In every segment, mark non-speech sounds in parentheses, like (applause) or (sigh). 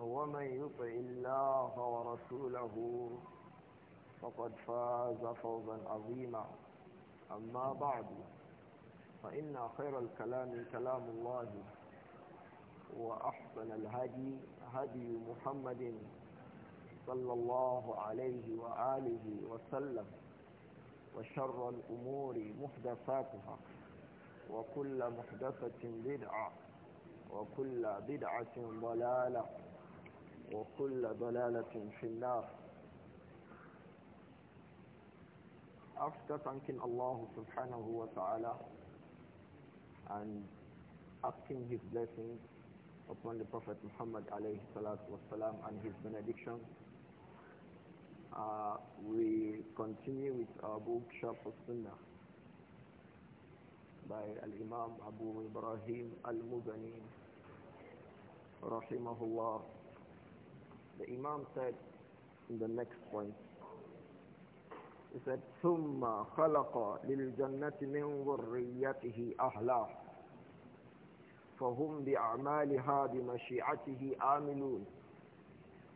ومن يطع الله ورسوله فقد فاز فوزا عظيما أما بعد فإن خير الكلام كلام الله وأحسن الهدي هدي محمد صلى الله عليه وآله وسلم وشر الأمور محدثاتها وكل محدثة بدعة وكل بدعة ضلالة وكل ضلالة في النار After thanking Allah subhanahu wa ta'ala and asking his blessings upon the Prophet Muhammad alayhi salatu wasalam and his benediction, uh, we continue with our book Sharf al-Sunnah by Al-Imam Abu Ibrahim Al-Muzani rahimahullah The Imam said in the next point, he said, ثم خلق للجنة من ذريته أهلا فهم بأعمالها بمشيعته آملون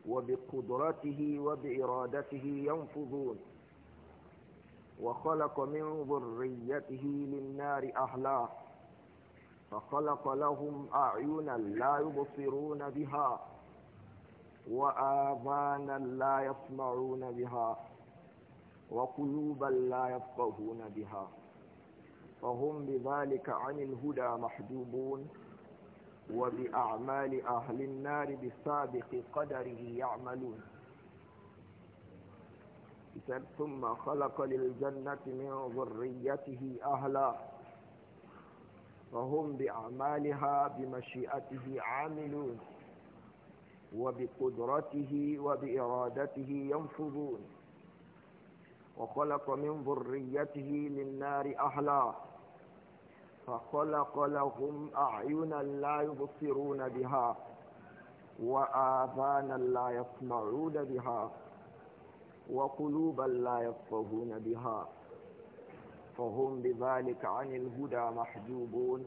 وبقدرته وبإرادته ينفذون وخلق من ذريته للنار أهلا فخلق لهم أعينا لا يبصرون بها وآذانا لا يسمعون بها وقلوبا لا يفقهون بها فهم بذلك عن الهدى محجوبون وبأعمال أهل النار بسابق قدره يعملون ثم خلق للجنة من ذريته أهلا فهم بأعمالها بمشيئته عاملون وبقدرته وبإرادته ينفذون وخلق من ذريته للنار أهلا فخلق لهم أعينا لا يبصرون بها وآذانا لا يسمعون بها وقلوبا لا يفقهون بها فهم بذلك عن الهدى محجوبون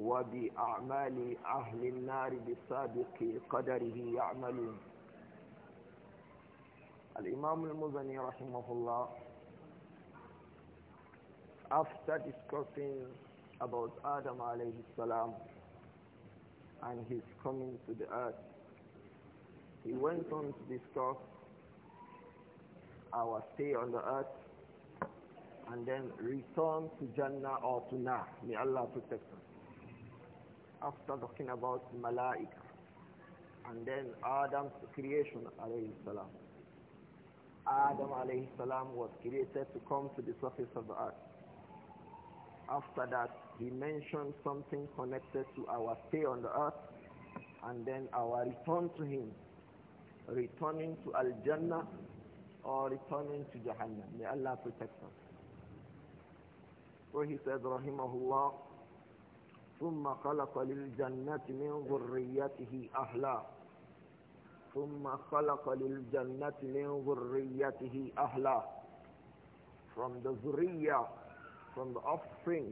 وبأعمال أهل النار بسابق قدره يعملون الإمام المزني رحمه الله after discussing about Adam alayhi salam and his coming to the earth he went on to discuss our stay on the earth and then return to Jannah or to Nah. May Allah protect us after talking about Malaika and then Adam's creation alayhi salam. Adam alayhi salam was created to come to the surface of the earth. After that, he mentioned something connected to our stay on the earth and then our return to him, returning to Al-Jannah or returning to Jahannam. May Allah protect us. So he said, Rahimahullah, ثم خلق للجنة من ذريته أهلا ثم خلق للجنة من ذريته أهلا from the zuriya from the offspring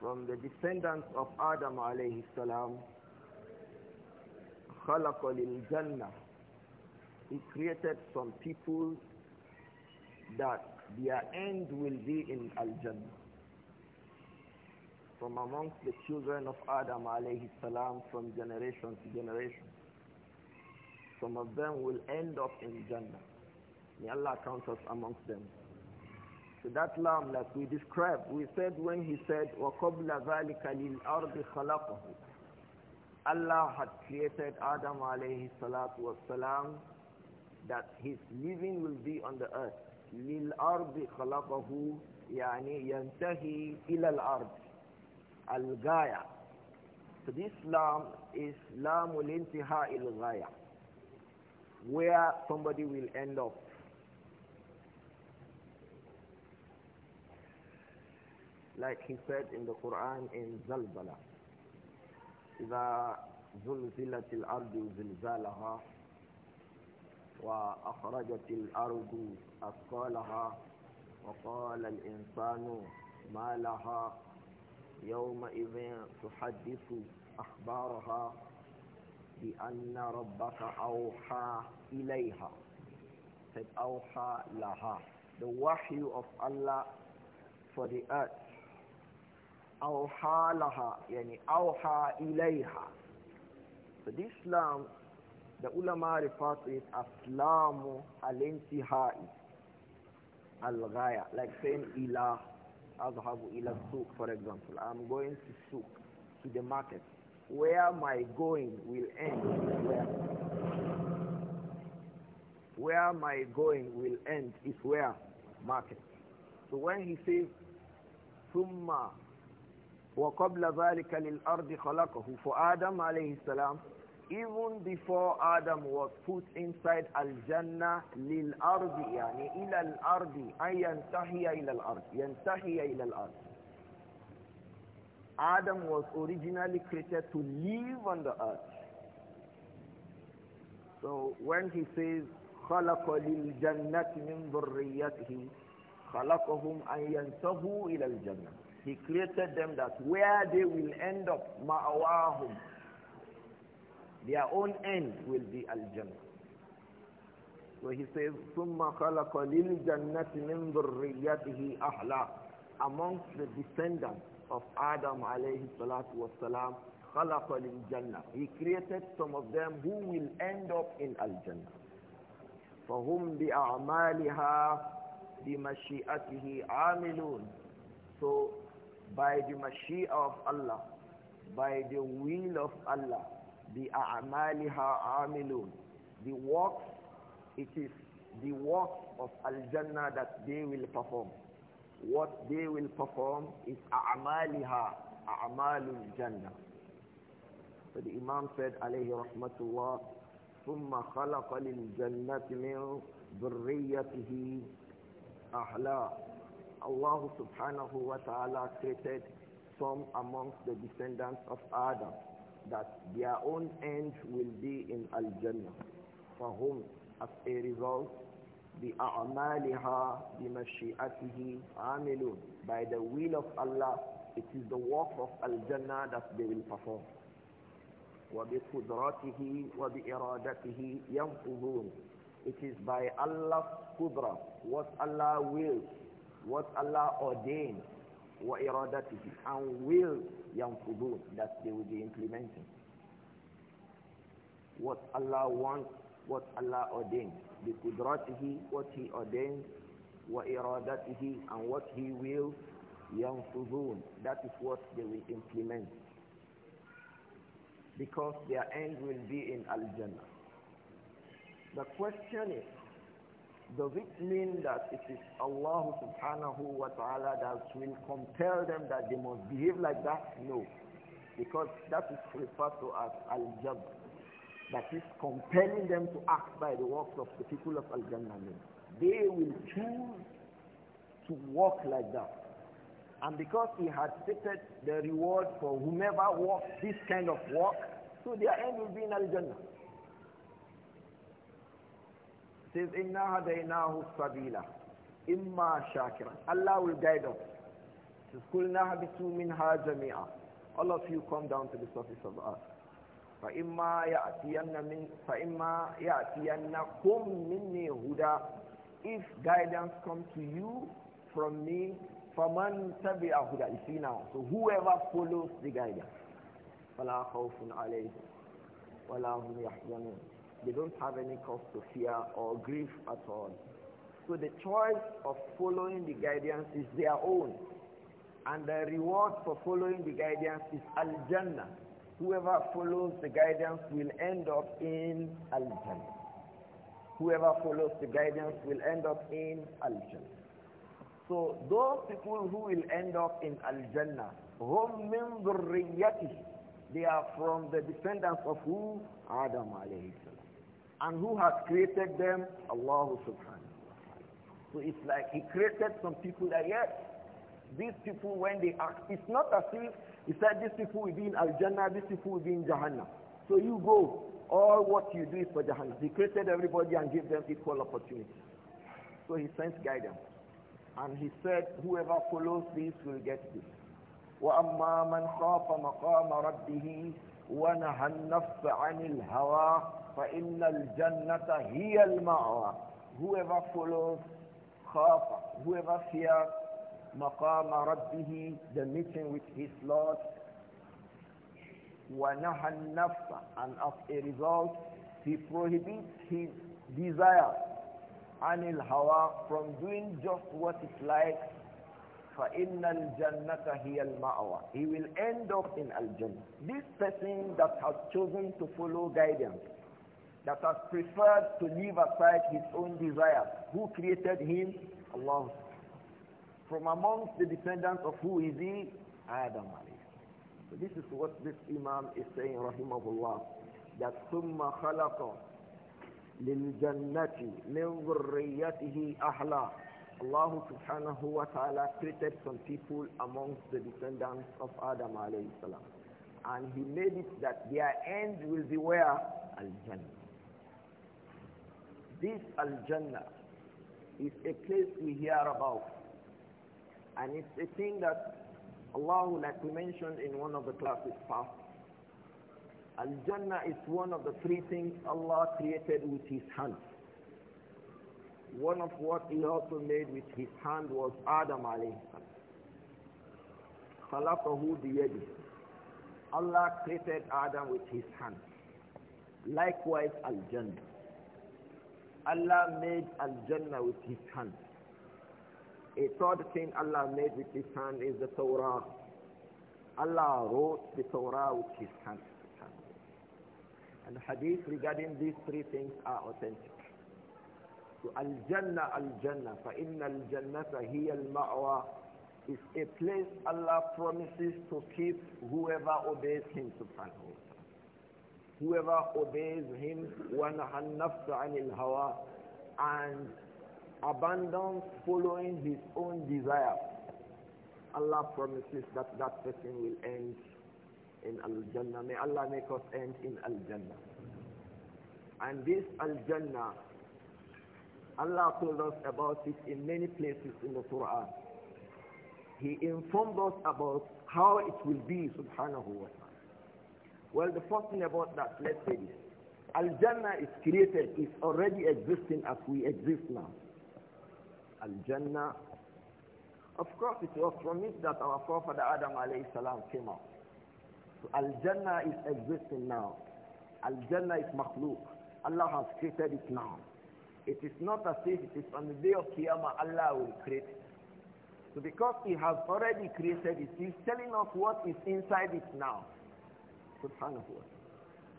from the descendants of Adam alayhi salam خلق للجنة he created some people that their end will be in al-jannah from amongst the children of Adam alayhi salam from generation to generation. Some of them will end up in Jannah. May Allah count us amongst them. So that lamb that we described, we said when he said, وَقَبْلَ ذَلِكَ لِلْأَرْضِ خَلَقَهُ Allah had created Adam alayhi salatu wasalam that his living will be on the earth. لِلْأَرْضِ خَلَقَهُ يعني ينتهي إلى الأرض al-gaya. So this lam is lamul intiha il-gaya, where somebody will end up. Like he said in the Quran in Zalbala. إذا زلزلت الأرض زلزالها وأخرجت الأرض أثقالها وقال الإنسان ما لها يومئذ تحدث أخبارها بأن ربك أوحى إليها said أوحى لها the wahy of Allah for the earth أوحى لها يعني أوحى إليها so this Islam the ulama refer to it as Islam al-intihai al-ghaya like saying ilah أذهب إلى السوق for example I'm going to souk to the market where my going will end is where where my going will end is where market so when he says wa ثم lil ardi للأرض for Adam alayhi salam even before Adam was put inside al-jannah lil ardi yani ila al ardi ay yantahiya ila al ardi yantahiya ila al ardi Adam was originally created to live on the earth so when he says خلق للجنة من ذريته خلقهم أن ينتهوا إلى الجنة He created them that where they will end up, مأواهم their own end will be al-jannah. So he says, ثُمَّ خَلَقَ لِلْجَنَّةِ مِنْ ذُرِّيَّتِهِ Amongst the descendants of Adam alayhi salatu was salam, خَلَقَ jannah He created some of them who will end up in al-jannah. فَهُمْ بِأَعْمَالِهَا بِمَشِيئَتِهِ عَامِلُونَ So, by the mashia of Allah, by the will of Allah, بِأَعْمَالِهَا عَامِلُونَ The works, it is the works of Al-Jannah that they will perform. What they will perform is أَعْمَالِهَا أَعْمَالُ الْجَنَّةِ So the Imam said, عليه رحمة الله, ثم خلق للجنة من ذريته أهلا Allah subhanahu wa ta'ala created some amongst the descendants of Adam that their own end will be in Al-Jannah. For whom, as a result, the بِأَعْمَالِهَا بِمَشِيئَتِهِ عَامِلُونَ By the will of Allah, it is the work of Al-Jannah that they will perform. وَبِقُدْرَتِهِ وَبِإِرَادَتِهِ يَنْفُذُونَ It is by Allah's qudra, what Allah wills, what Allah ordains, وإرادته and will ينفذون that they will be implementing what Allah wants what Allah ordained بقدرته what he ordained وإرادته and what he will ينفذون that is what they will implement because their end will be in Al-Jannah the question is does it mean that it is Allah subhanahu wa ta'ala that will compel them that they must behave like that? No. Because that is referred to as al-jab. That is compelling them to act by the works of the people of Al-Jannah. They will choose to walk like that. And because he had stated the reward for whomever walks this kind of walk, so their end will be in Al-Jannah says, Inna hadaynahu sabila. Imma shakiran. Allah will guide us. He says, Kulna habitu minha jami'a. All of you come down to the surface of earth min the earth. فإما يأتين to فإما يأتينكم مني هدى if guidance come to you from me فمن تبع هدى you see now so whoever follows the guidance فلا خوف عليهم ولا هم يحزنون they don't have any cause to fear or grief at all. So the choice of following the guidance is their own. And the reward for following the guidance is Al-Jannah. Whoever follows the guidance will end up in Al-Jannah. Whoever follows the guidance will end up in Al-Jannah. So those people who will end up in Al-Jannah, هُمْ مِنْ ذُرِّيَّتِهِ They are from the descendants of who? Adam alayhi and who has created them? Allah subhanahu wa ta'ala. So it's like he created some people that yes, these people when they act, it's not as if he said these people will be in Al-Jannah, these people will be in Jahannam. So you go, all what you do is for Jahannam. He created everybody and gave them equal opportunity. So he sends guidance. And he said, whoever follows this will get this. وَأَمَّا مَنْ خَافَ مَقَامَ رَبِّهِ وَنَهَى النَّفْسَ عَنِ الْهَوَىٰ فَإِنَّ الْجَنَّةَ هِيَ الْمَأْوَى Whoever follows khafa, whoever fears مَقَامَ رَبِّهِ the meeting with his Lord وَنَهَى النَّفْسَ and as a result he prohibits his desire anil hawa from doing just what it likes فَإِنَّ الْجَنَّةَ هِيَ الْمَأْوَى He will end up in Al-Jannah. This person that has chosen to follow guidance, that has preferred to leave aside his own desire. Who created him? Allah. From amongst the descendants of who is he? Adam So this is what this Imam is saying, rahimahullah, that ثُمَّ خَلَقَ لِلْجَنَّةِ مِنْ ذُرِّيَّتِهِ أَحْلَى Allah subhanahu wa ta'ala created some people amongst the descendants of Adam alayhi salam. And he made it that their end will be where? Al-Jannah. This Al-Jannah is a place we hear about. And it's a thing that Allah, like we mentioned in one of the classes past, Al-Jannah is one of the three things Allah created with His hand. One of what He also made with His hand was Adam alayhi خلقه Allah created Adam with his hand. Likewise, Al-Jannah. Allah made Al-Jannah with his hand. A third thing Allah made with his hand is the Torah. Allah wrote the Torah with his hand. And hadith regarding these three things are authentic. So Al-Jannah, Al-Jannah, فَإِنَّ الْجَنَّةَ هِيَ الْمَأْوَى is a place Allah promises to keep whoever obeys him subhanahu whoever obeys him وَنَحَنْ نَفْسَ عَنِ الْهَوَىٰ and abandons following his own desire, Allah promises that that person will end in Al-Jannah. May Allah make us end in Al-Jannah. And this Al-Jannah, Allah told us about it in many places in the Quran. He informed us about how it will be, subhanahu wa ta'ala. Well, the first thing about that, let's say this. Al-Jannah is created, is already existing as we exist now. Al-Jannah, of course it was from it that our forefather Adam alayhi salam came out. So Al-Jannah is existing now. Al-Jannah is makhluk. Allah has created it now. It is not as if it is on the day of Qiyamah Allah will create it. So because He has already created it, He is telling us what is inside it now. Subhanahu wa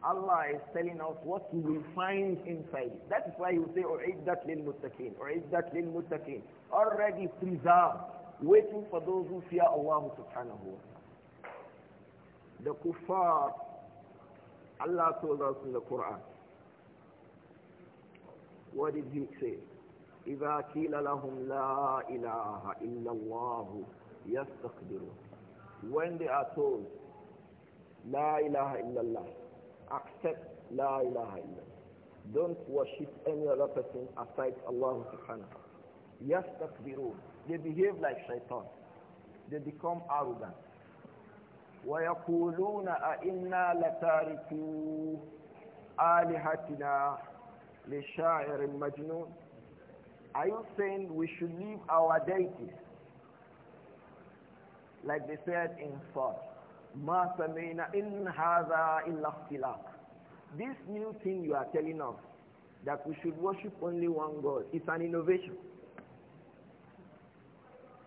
Allah is telling us what we will find inside That is why you say, muttaqin," lil muttaqeen, that lil muttaqin." Already preserved, waiting for those who fear Allah subhanahu wa ta'ala. The kuffar, Allah told us in the Quran, what did he say? إِذَا كِيلَ لَهُمْ لَا إِلَهَ إِلَّا اللَّهُ يَسْتَقْدِرُونَ When they are told, La ilaha illallah. Accept La ilaha illallah. Don't worship any other person aside Allah subhanahu Yes, takbirun. They behave like shaitan. They become arrogant. ويقولون أئنا لتاركو آلهتنا لشاعر مجنون Are you saying we should leave our deities? Like they said in thought. Ma sami'na in hadha illa ikhtilaq. This new thing you are telling us, that we should worship only one God, it's an innovation.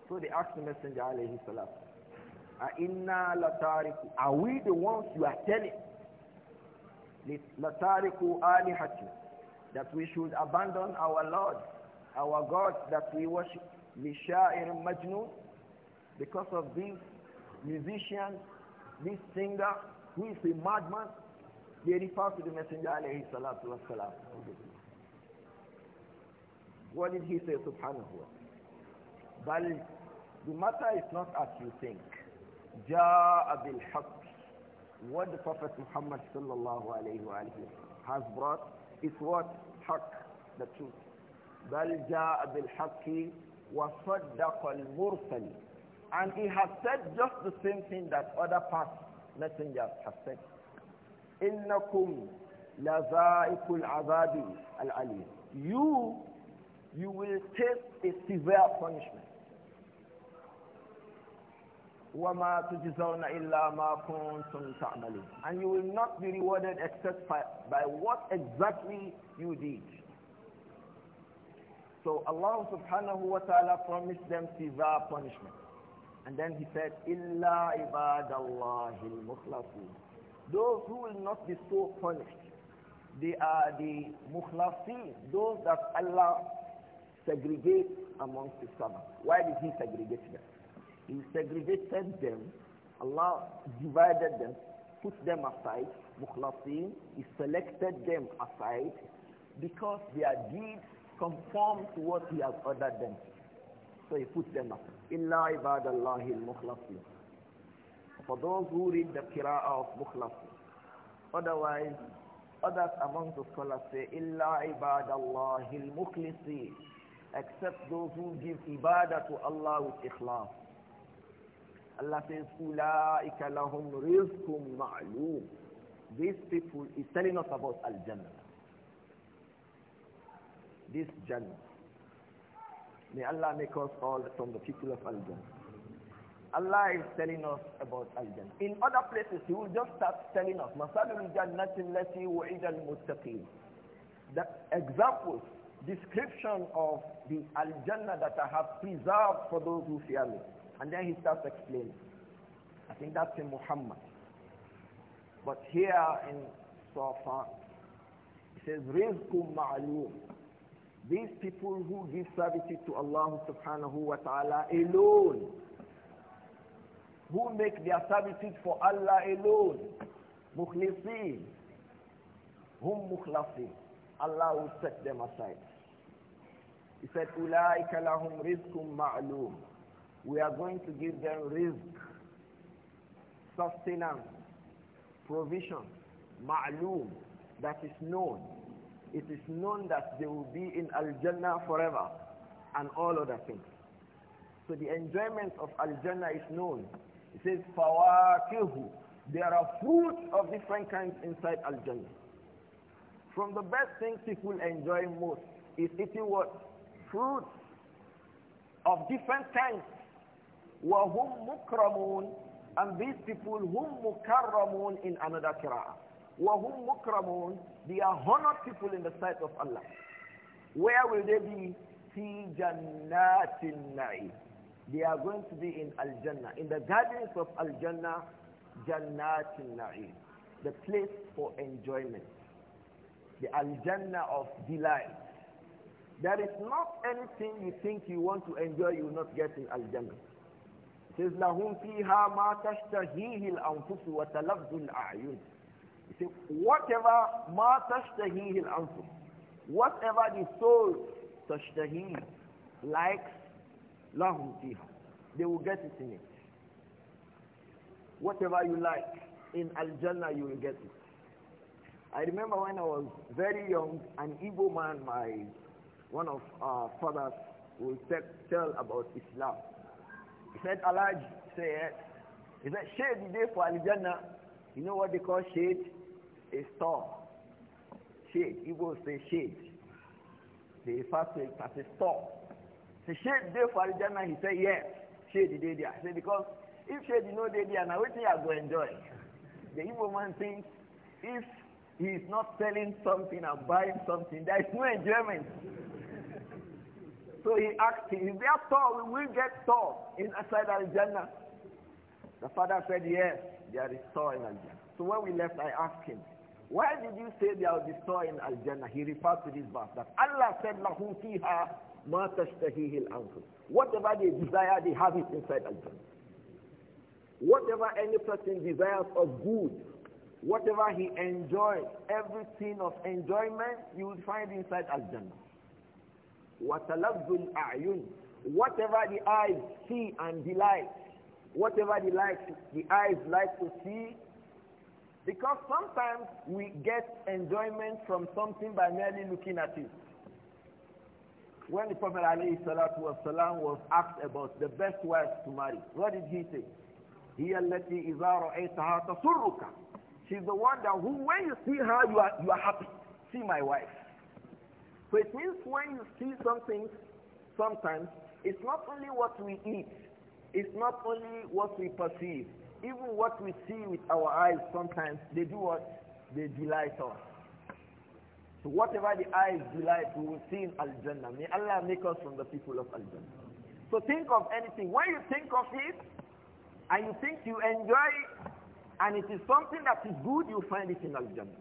So they asked the messenger alayhi salam, Inna latariku. Are we the ones you are telling? Latariku alihati. That we should abandon our Lord, our God that we worship. Lisha'ir majnun. Because of these musicians this singer who is a madman, they refer to the Messenger alayhi salatu wasalam. What did he say, subhanahu wa But the matter is not as you think. Ja'a bil What the Prophet Muhammad sallallahu alayhi wa has brought is what? Haqq, the truth. بل جاء بالحق وصدق المرسل and he has said just the same thing that other past messengers have said. Lazaikul لَذَائِقُ al Ali. You, you will taste a severe punishment. وَمَا تُجْزَوْنَ إِلَّا مَا كُنْتُمْ تَعْمَلُونَ And you will not be rewarded except by, by what exactly you did. So Allah subhanahu wa ta'ala promised them severe punishment. And then he said, Illa ibadallahil mukhlasin. Those who will not be so punished, they are the mukhlasin, those that Allah segregates amongst the servants. Why did he segregate them? He segregated them, Allah divided them, put them aside, mukhlasin, he selected them aside because their deeds conform to what he has ordered them so he puts them up. Illa ibadallahi al-mukhlasin. For those who read the qira'ah of mukhlasin. Otherwise, others among the scholars say, Illa ibadallahi al-mukhlasin. Except those who give ibadah to Allah with ikhlas. Allah says, Ula'ika lahum rizkum ma'loom. These people is telling us about al-Jannah. This Jannah. May Allah make us all from the people of Al-Jannah. Allah is telling us about Al-Jannah. In other places, He will just start telling us, مَثَلُ الْجَنَّةِ الَّتِي وَعِدَ الْمُتَّقِينَ The examples, description of the Al-Jannah that I have preserved for those who fear me. And then He starts explaining. I think that's in Muhammad. But here in Safa, he says, رِزْقٌ مَعْلُومٌ these people who give services to Allah subhanahu wa ta'ala alone, who make their services for Allah alone, mukhlisin, hum mukhlasin, Allah will set them aside. He said, أُولَٰئِكَ لَهُمْ رِزْقٌ مَعْلُومٌ We are going to give them rizq, sustenance, provision, ma'loom, that is known it is known that they will be in Al-Jannah forever and all other things. So the enjoyment of Al-Jannah is known. It says, فَوَاكِهُ There are fruits of different kinds inside Al-Jannah. From the best things people enjoy most is eating what? Fruits of different kinds. وَهُمْ مُكْرَمُونَ And these people, whom مُكَرَّمُونَ in another qira'ah. وَهُمْ مُكْرَمُونَ They are honored people in the sight of Allah. Where will they be? فِي جَنَّاتِ النَّعِيمِ They are going to be in Al-Jannah. In the gardens of Al-Jannah, جَنَّاتِ النَّعِيمِ The place for enjoyment. The Al-Jannah of delight. There is not anything you think you want to enjoy you will not get in Al-Jannah. It says, لَهُمْ فِيهَا مَا تَشْتَهِيهِ الْأَنفُسُ وَتَلَذُّ الْأَعْيُنِ he said, whatever ma tashtahihi al whatever the soul tashtahihi likes, lahum fiha. They will get it in it. Whatever you like, in Al-Jannah you will get it. I remember when I was very young, an evil man, my one of our fathers, will tell about Islam. He said, Allah said, he said, shade the day for Al-Jannah. You know what they call shade? a store. Shade. Igbo say shade. They refer to it store. The shade there for Arijana, he said, yes, shade day there. I say, because if shade is not there, now waiting I go enjoy. The evil man thinks, if he is not selling something or buying something, there is no enjoyment. so he asked him, if they are tall, we will get tall inside al The father said, yes, there is tall in al So when we left, I asked him, why did you say they are destroying in Al-Jannah? He referred to this verse that Allah said, لَهُمْ فِيهَا مَا تَشْتَهِهِ الْأَنْفُسِ Whatever they desire, they have it inside Al-Jannah. Whatever any person desires of good, whatever he enjoys, everything of enjoyment, you will find inside Al-Jannah. وَتَلَبُّ الْأَعْيُنِ Whatever the eyes see and delight, whatever the, like, the eyes like to see, because sometimes we get enjoyment from something by merely looking at it. When the Prophet Ali والسلام, was asked about the best wife to marry, what did he say? He التي إذا رأيتها تسرك. She's the one that who, when you see her, you are, you are happy. See my wife. So it means when you see something, sometimes, it's not only what we eat, it's not only what we perceive, even what we see with our eyes sometimes, they do what? They delight us. So whatever the eyes delight, we will see in Al-Jannah. May Allah make us from the people of Al-Jannah. So think of anything. When you think of it, and you think you enjoy it, and it is something that is good, you find it in Al-Jannah.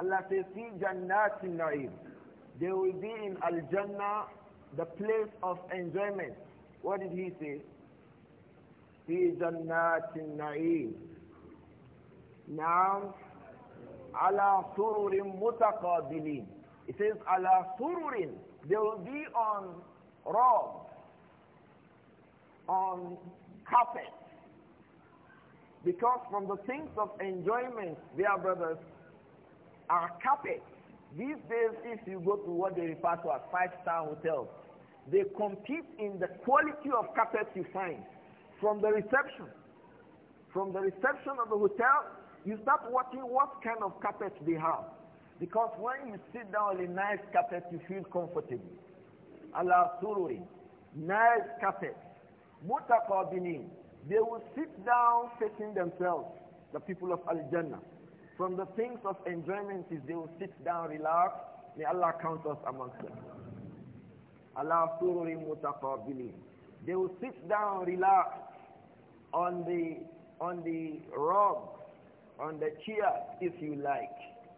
Allah says, "See Jannat Na'im." They will be in Al-Jannah, the place of enjoyment. What did he say? في جنات النعيم نعم على سرر متقابلين It says على سرر They will be on rugs, on carpet. Because from the things of enjoyment, dear brothers, are carpet. These days, if you go to what they refer to as five-star hotels, they compete in the quality of carpets you find from the reception. From the reception of the hotel, you start watching what kind of carpet they have. Because when you sit down on a nice carpet, you feel comfortable. Allah sururi, nice carpet. Mutaqabinin, they will sit down facing themselves, the people of Al-Jannah. From the things of enjoyment is they will sit down, relax. May Allah count us amongst them. Allah sururi mutaqabinin. They will sit down, relax on the on the rug, on the chair, if you like,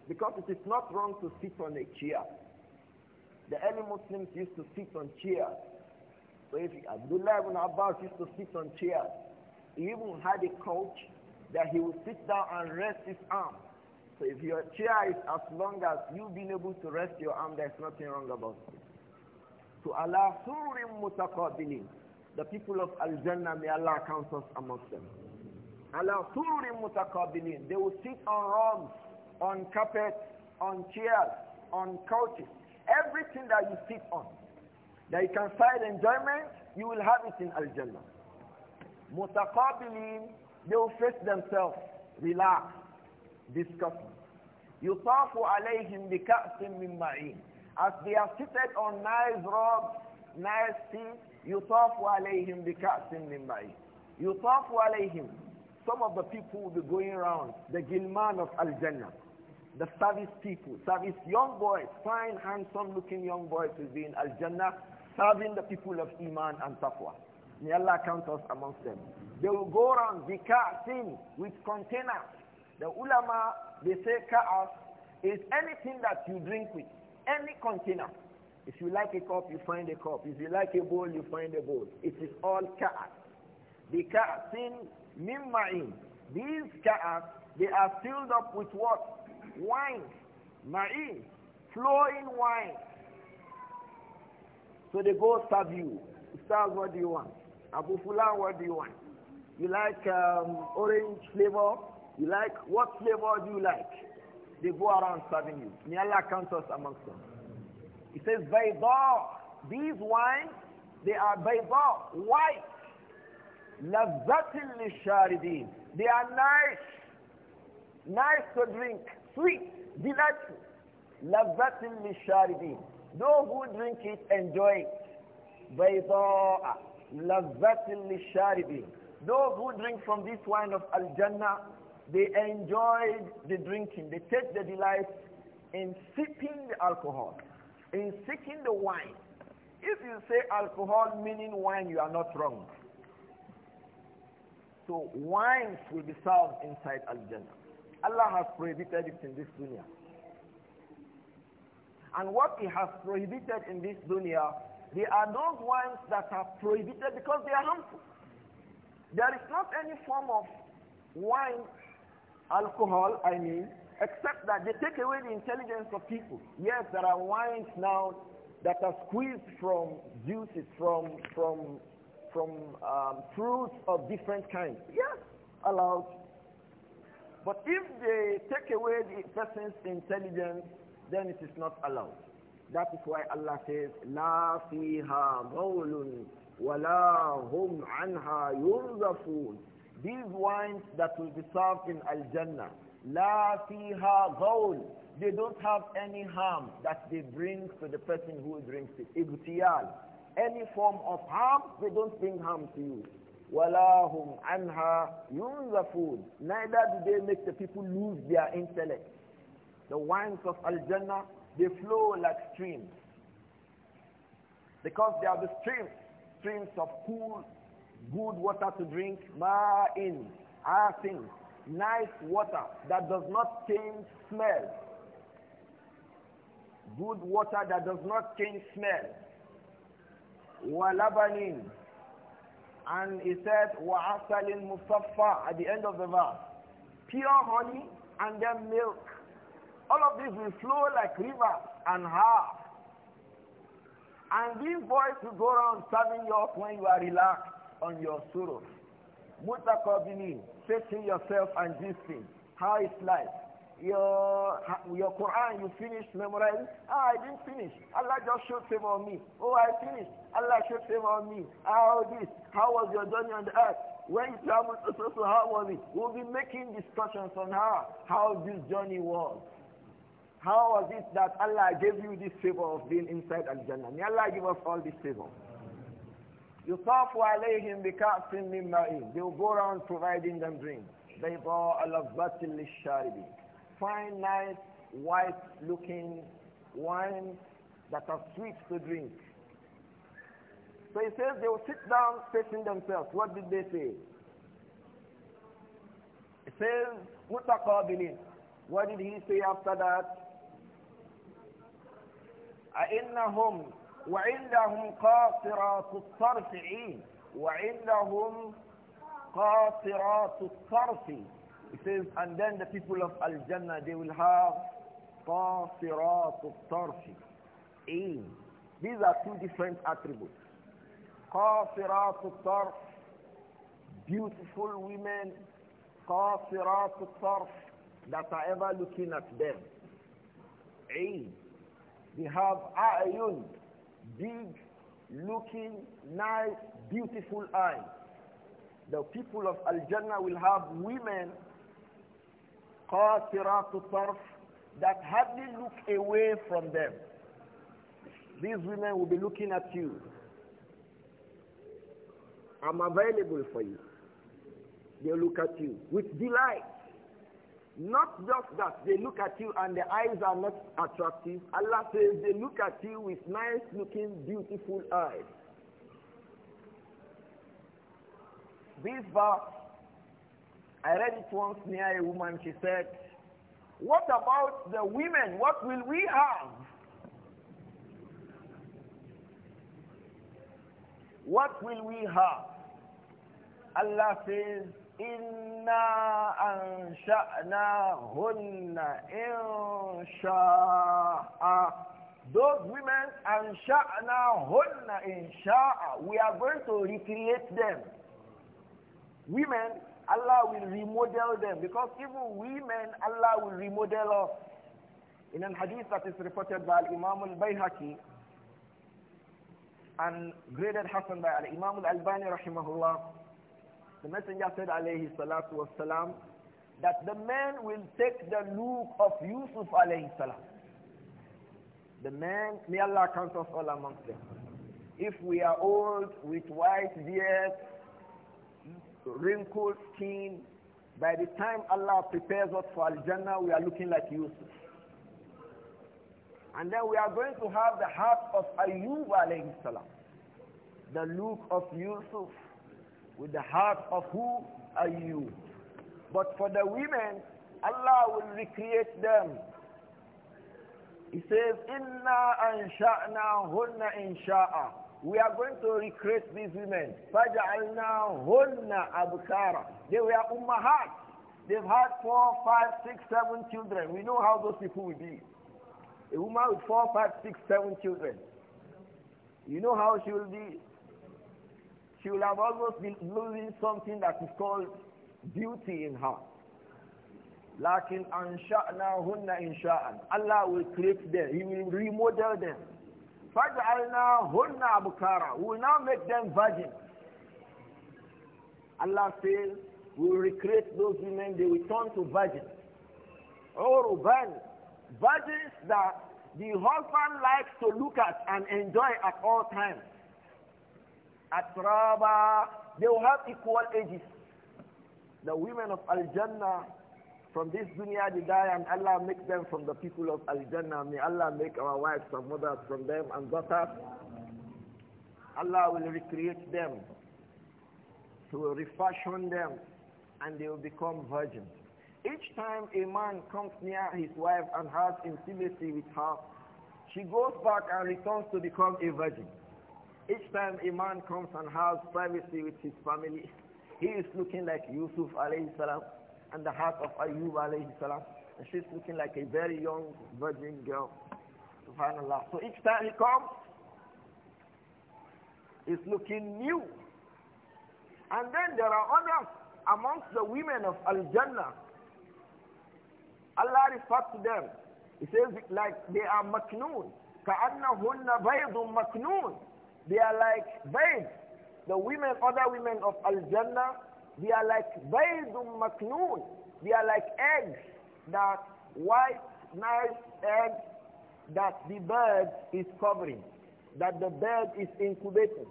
because it is not wrong to sit on a chair. The early Muslims used to sit on chairs. So if Abdullah ibn Abbas used to sit on chairs, he even had a couch that he would sit down and rest his arm. So if your chair is as long as you've been able to rest your arm, there's nothing wrong about it. To so, Allah surim mutakabilin. The people of Al-Jannah, may Allah count us amongst them. Allah sururim mutakabilin. They will sit on rugs, on carpets, on chairs, on couches. Everything that you sit on. That you can find enjoyment, you will have it in Al-Jannah. Mutakabilin, they will face themselves, relax, discuss. يطاف alayhim بكأس من معين. As they are seated on nice rugs, nice seats, يطاف عليهم بكأس من معين يطاف عليهم some of the people will be going around the gilman of al-jannah the service people service young boys fine handsome looking young boys will be in al-jannah serving the people of iman and taqwa may allah count us amongst them they will go around bikasin with containers the ulama they say ka'as is anything that you drink with any container if you like a cup, you find a cup. If you like a bowl, you find a bowl. It is all ka'at. The ka'atin mimma'in. These ka'at, they are filled up with what? Wine. Ma'in. Flowing wine. So they go serve you. Serve what do you want? Abu Fulan, what do you want? You like um, orange flavor? You like, what flavor do you like? They go around serving you. May Allah count us amongst them. He says, Bayda. These wines, they are Bayda, white. Lazzatin lisharidin. They are nice, nice to drink, sweet, delightful. Lazzatin lisharidin. Those who drink it enjoy it. Bayda. Lazzatin lisharidin. Those who drink from this wine of Al-Jannah, they enjoy the drinking, they take the delight in sipping the alcohol in seeking the wine, if you say alcohol meaning wine, you are not wrong. So wines will be served inside Al-Jannah. Allah has prohibited it in this dunya. And what He has prohibited in this dunya, they are those wines that are prohibited because they are harmful. There is not any form of wine, alcohol, I mean, Except that they take away the intelligence of people. Yes, there are wines now that are squeezed from juices, from, from, from um, fruits of different kinds. Yes, allowed. But if they take away the person's intelligence, then it is not allowed. That is why Allah says, لا فيها غول ولا هم عنها يرزفون. These wines that will be served in Al-Jannah, La fiha They don't have any harm that they bring to the person who drinks it. Ibtiyal. Any form of harm, they don't bring harm to you. anha. Use the food. Neither do they make the people lose their intellect. The wines of Al-Jannah, they flow like streams. Because they are the streams, streams of cool, good water to drink, ma'in, things nice water that does not change smell. Good water that does not change smell. Walabanin. And he said, Wa'asalin musaffa at the end of the verse. Pure honey and then milk. All of these will flow like rivers and half. And these boys will go around serving you up when you are relaxed on your sorrow. Mutakabinin concentrating yourself and this thing. How is life? Your, your Quran, you finished memorizing? Ah, I didn't finish. Allah just showed favor on me. Oh, I finished. Allah showed favor on me. How this? How was your journey on the earth? When you traveled, so, so, how was it? We'll be making discussions on how, how this journey was. How was it that Allah gave you this favor of being inside Al-Jannah? May Allah give us all this favor. يطاف عليهم بكأس من معين They will go around providing them drink. بيضاء لذة للشاربين Fine, nice, white looking wine that are sweet to drink. So he says they will sit down facing themselves. What did they say? He says, متقابلين. What did he say after that? أَإِنَّهُمْ وعندهم قاصرات الطرف عين وعندهم قاصرات الطرف It says, and then the people of Al-Jannah, they will have قاصرات الطرف عين These are two different attributes. قاصرات الطرف beautiful women قاصرات الطرف that are ever looking at them. عين They have ayun big, looking, nice, beautiful eyes. The people of Al-Jannah will have women, qasiratu tarf, that hardly look away from them. These women will be looking at you. I'm available for you. They look at you with delight. Not just that, they look at you and their eyes are not attractive. Allah says they look at you with nice looking, beautiful eyes. This verse, I read it once near a woman, she said, what about the women? What will we have? What will we have? Allah says, إنا أنشأناهن إن شاء Those women, أنشأناهن إن شاء We are going to recreate them. Women, Allah will remodel them because even women, Allah will remodel us. In an hadith that is reported by Imam al-Bayhaqi and graded Hassan by Imam al-Albani rahimahullah, the messenger said, alayhi salatu wasalam, that the men will take the look of Yusuf alayhi salam. The men, may Allah count us all amongst them. If we are old, with white beard, wrinkled skin, by the time Allah prepares us for Al-Jannah, we are looking like Yusuf. And then we are going to have the heart of Ayub alayhi salam. The look of Yusuf with the heart of who are you. But for the women, Allah will recreate them. He says, Inna ansha'na hunna insha'a. We are going to recreate these women. Faja'alna hunna abkara. They were ummahat. They've had four, five, six, seven children. We know how those people will be. A woman with four, five, six, seven children. You know how she will be? she will have almost been losing something that is called beauty in her. Lakin ansha'nahunna insha'an. Allah will create them. He will remodel them. Faj'alnahunna abukara. We will now make them virgins. Allah says, we will recreate those women. They will turn to virgins. Uruban. Virgins that the husband likes to look at and enjoy at all times atraba. They will have equal ages. The women of Al-Jannah from this dunya they die and Allah make them from the people of Al-Jannah. May Allah make our wives and mothers from them and daughters. Allah will recreate them. He will refashion them and they will become virgins. Each time a man comes near his wife and has intimacy with her, she goes back and returns to become a virgin. Each time a man comes and has privacy with his family, he is looking like Yusuf alayhi salam and the heart of Ayub alayhi salam. And she's looking like a very young virgin girl. Subhanallah. So each time he comes, he's looking new. And then there are others amongst the women of Al-Jannah. Allah refers to them. He says like they are maknoon. كَأَنَّهُنَّ بَيْضٌ مَكْنُونَ they are like babes. The women, other women of Al-Jannah, they are like baydum maknoon. They are like eggs that white, nice eggs that the bird is covering, that the bird is incubating.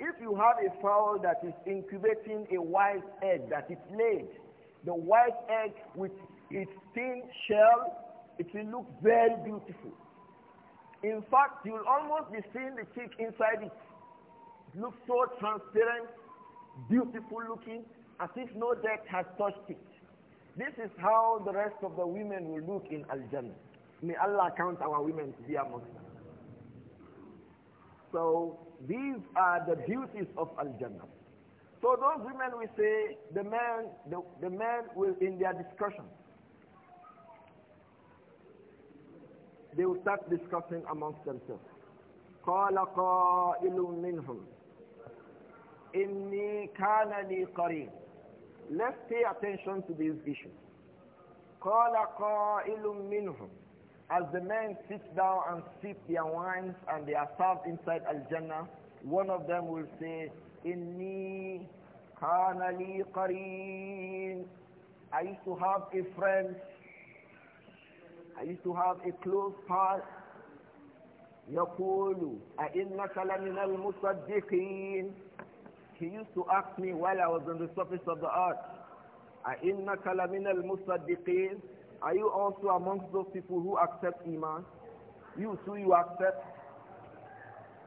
If you have a fowl that is incubating a white egg that it laid, the white egg with its thin shell, it will look very beautiful. In fact, you'll almost be seeing the cheek inside it. It looks so transparent, beautiful looking, as if no death has touched it. This is how the rest of the women will look in Al-Jannah. May Allah count our women to be amongst them. So these are the beauties of Al-Jannah. So those women will say, the men, the, the men will, in their discussions, they will start discussing amongst themselves. قال قائل منهم إني كان لي قرين Let's pay attention to these issues. قال قائل منهم As the men sit down and sip their wines and they are served inside Al-Jannah, one of them will say, إني كان لي قرين I used to have a friend I used to have a close part. يقول أئنك لمن المصدقين He used to ask me while I was on the surface of the earth أئنك لمن المصدقين Are you also amongst those people who accept Iman? You too you accept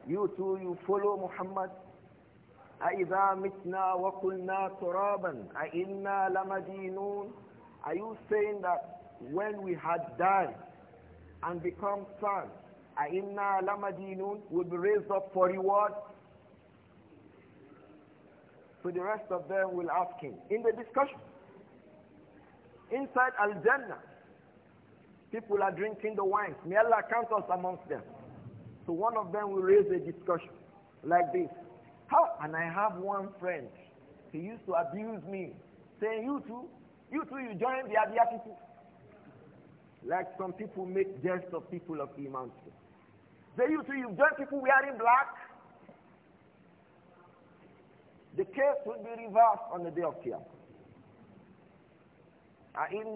You too you follow Muhammad أئذا متنا وقلنا ترابا أئنا لمدينون Are you saying that when we had died and become sons, Aina Lamadinun will be raised up for reward. So the rest of them will ask him in the discussion. Inside Al Jannah, people are drinking the wine. May Allah count us amongst them. So one of them will raise a discussion like this. How? And I have one friend. He used to abuse me, saying, "You too, you too, you join the abiyah." people." Like some people make jest of people of Iman. They used to you join people wearing black. The case will be reversed on the day of you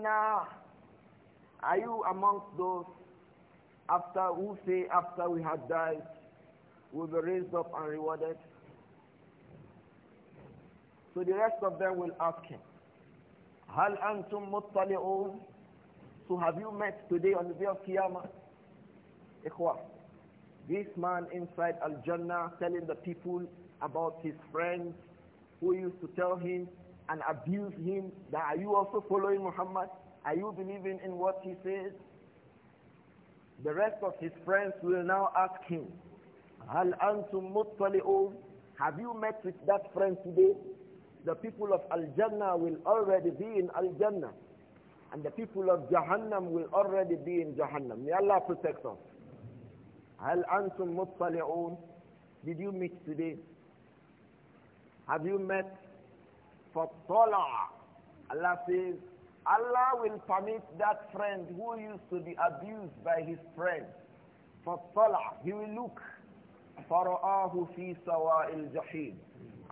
now? are you amongst those after who say after we have died, will be raised up and rewarded? So the rest of them will ask him, هل أنتم مطلعون so have you met today on the day of Qiyamah? Ikhwah. This man inside Al-Jannah telling the people about his friends who used to tell him and abuse him that are you also following Muhammad? Are you believing in what he says? The rest of his friends will now ask him, Hal antum muttali'un? Have you met with that friend today? The people of Al-Jannah will already be in Al-Jannah. And the people of Jahannam will already be in Jahannam. May Allah protect us. Al أنتم مطلعون Did you meet today? Have you met? فطلع Allah says, Allah will permit that friend who used to be abused by his friend. فطلع He will look. فرآه fi Sawail الجحيم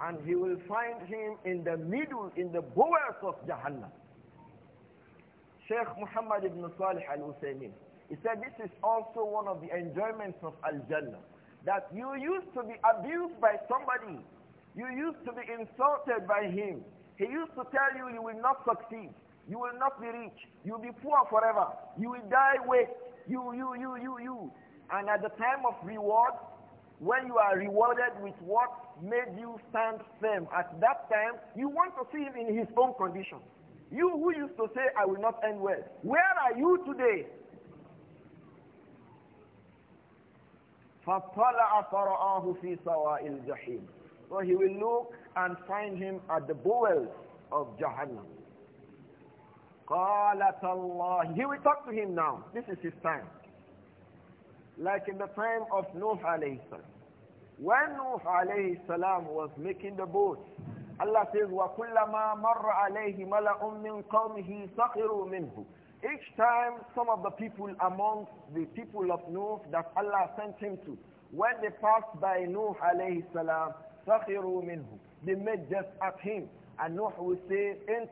and he will find him in the middle, in the bowels of Jahannam. Sheikh Muhammad ibn Salih al He said this is also one of the enjoyments of Al-Jannah. That you used to be abused by somebody. You used to be insulted by him. He used to tell you you will not succeed. You will not be rich. You will be poor forever. You will die with You, you, you, you, you. And at the time of reward, when you are rewarded with what made you stand firm at that time, you want to see him in his own condition. You who used to say, I will not end well, where are you today? فَطَلَعَ فَرَآهُ فِي سَوَاءِ الْجَحِيمِ So he will look and find him at the bowels of Jahannam. He will talk to him now. This is his time. Like in the time of Nuh alayhi salam. When Nuh alayhi salam was making the boat, Allah says, وَكُلَّمَا مَرَّ عَلَيْهِ مَلَأٌ مِّن قَوْمِهِ سَخِرُوا minhu. Each time some of the people amongst the people of Nuh that Allah sent him to, when they passed by Nuh alayhi salam, سَخِرُوا minhu. They made jest at him. And Nuh would say, إِن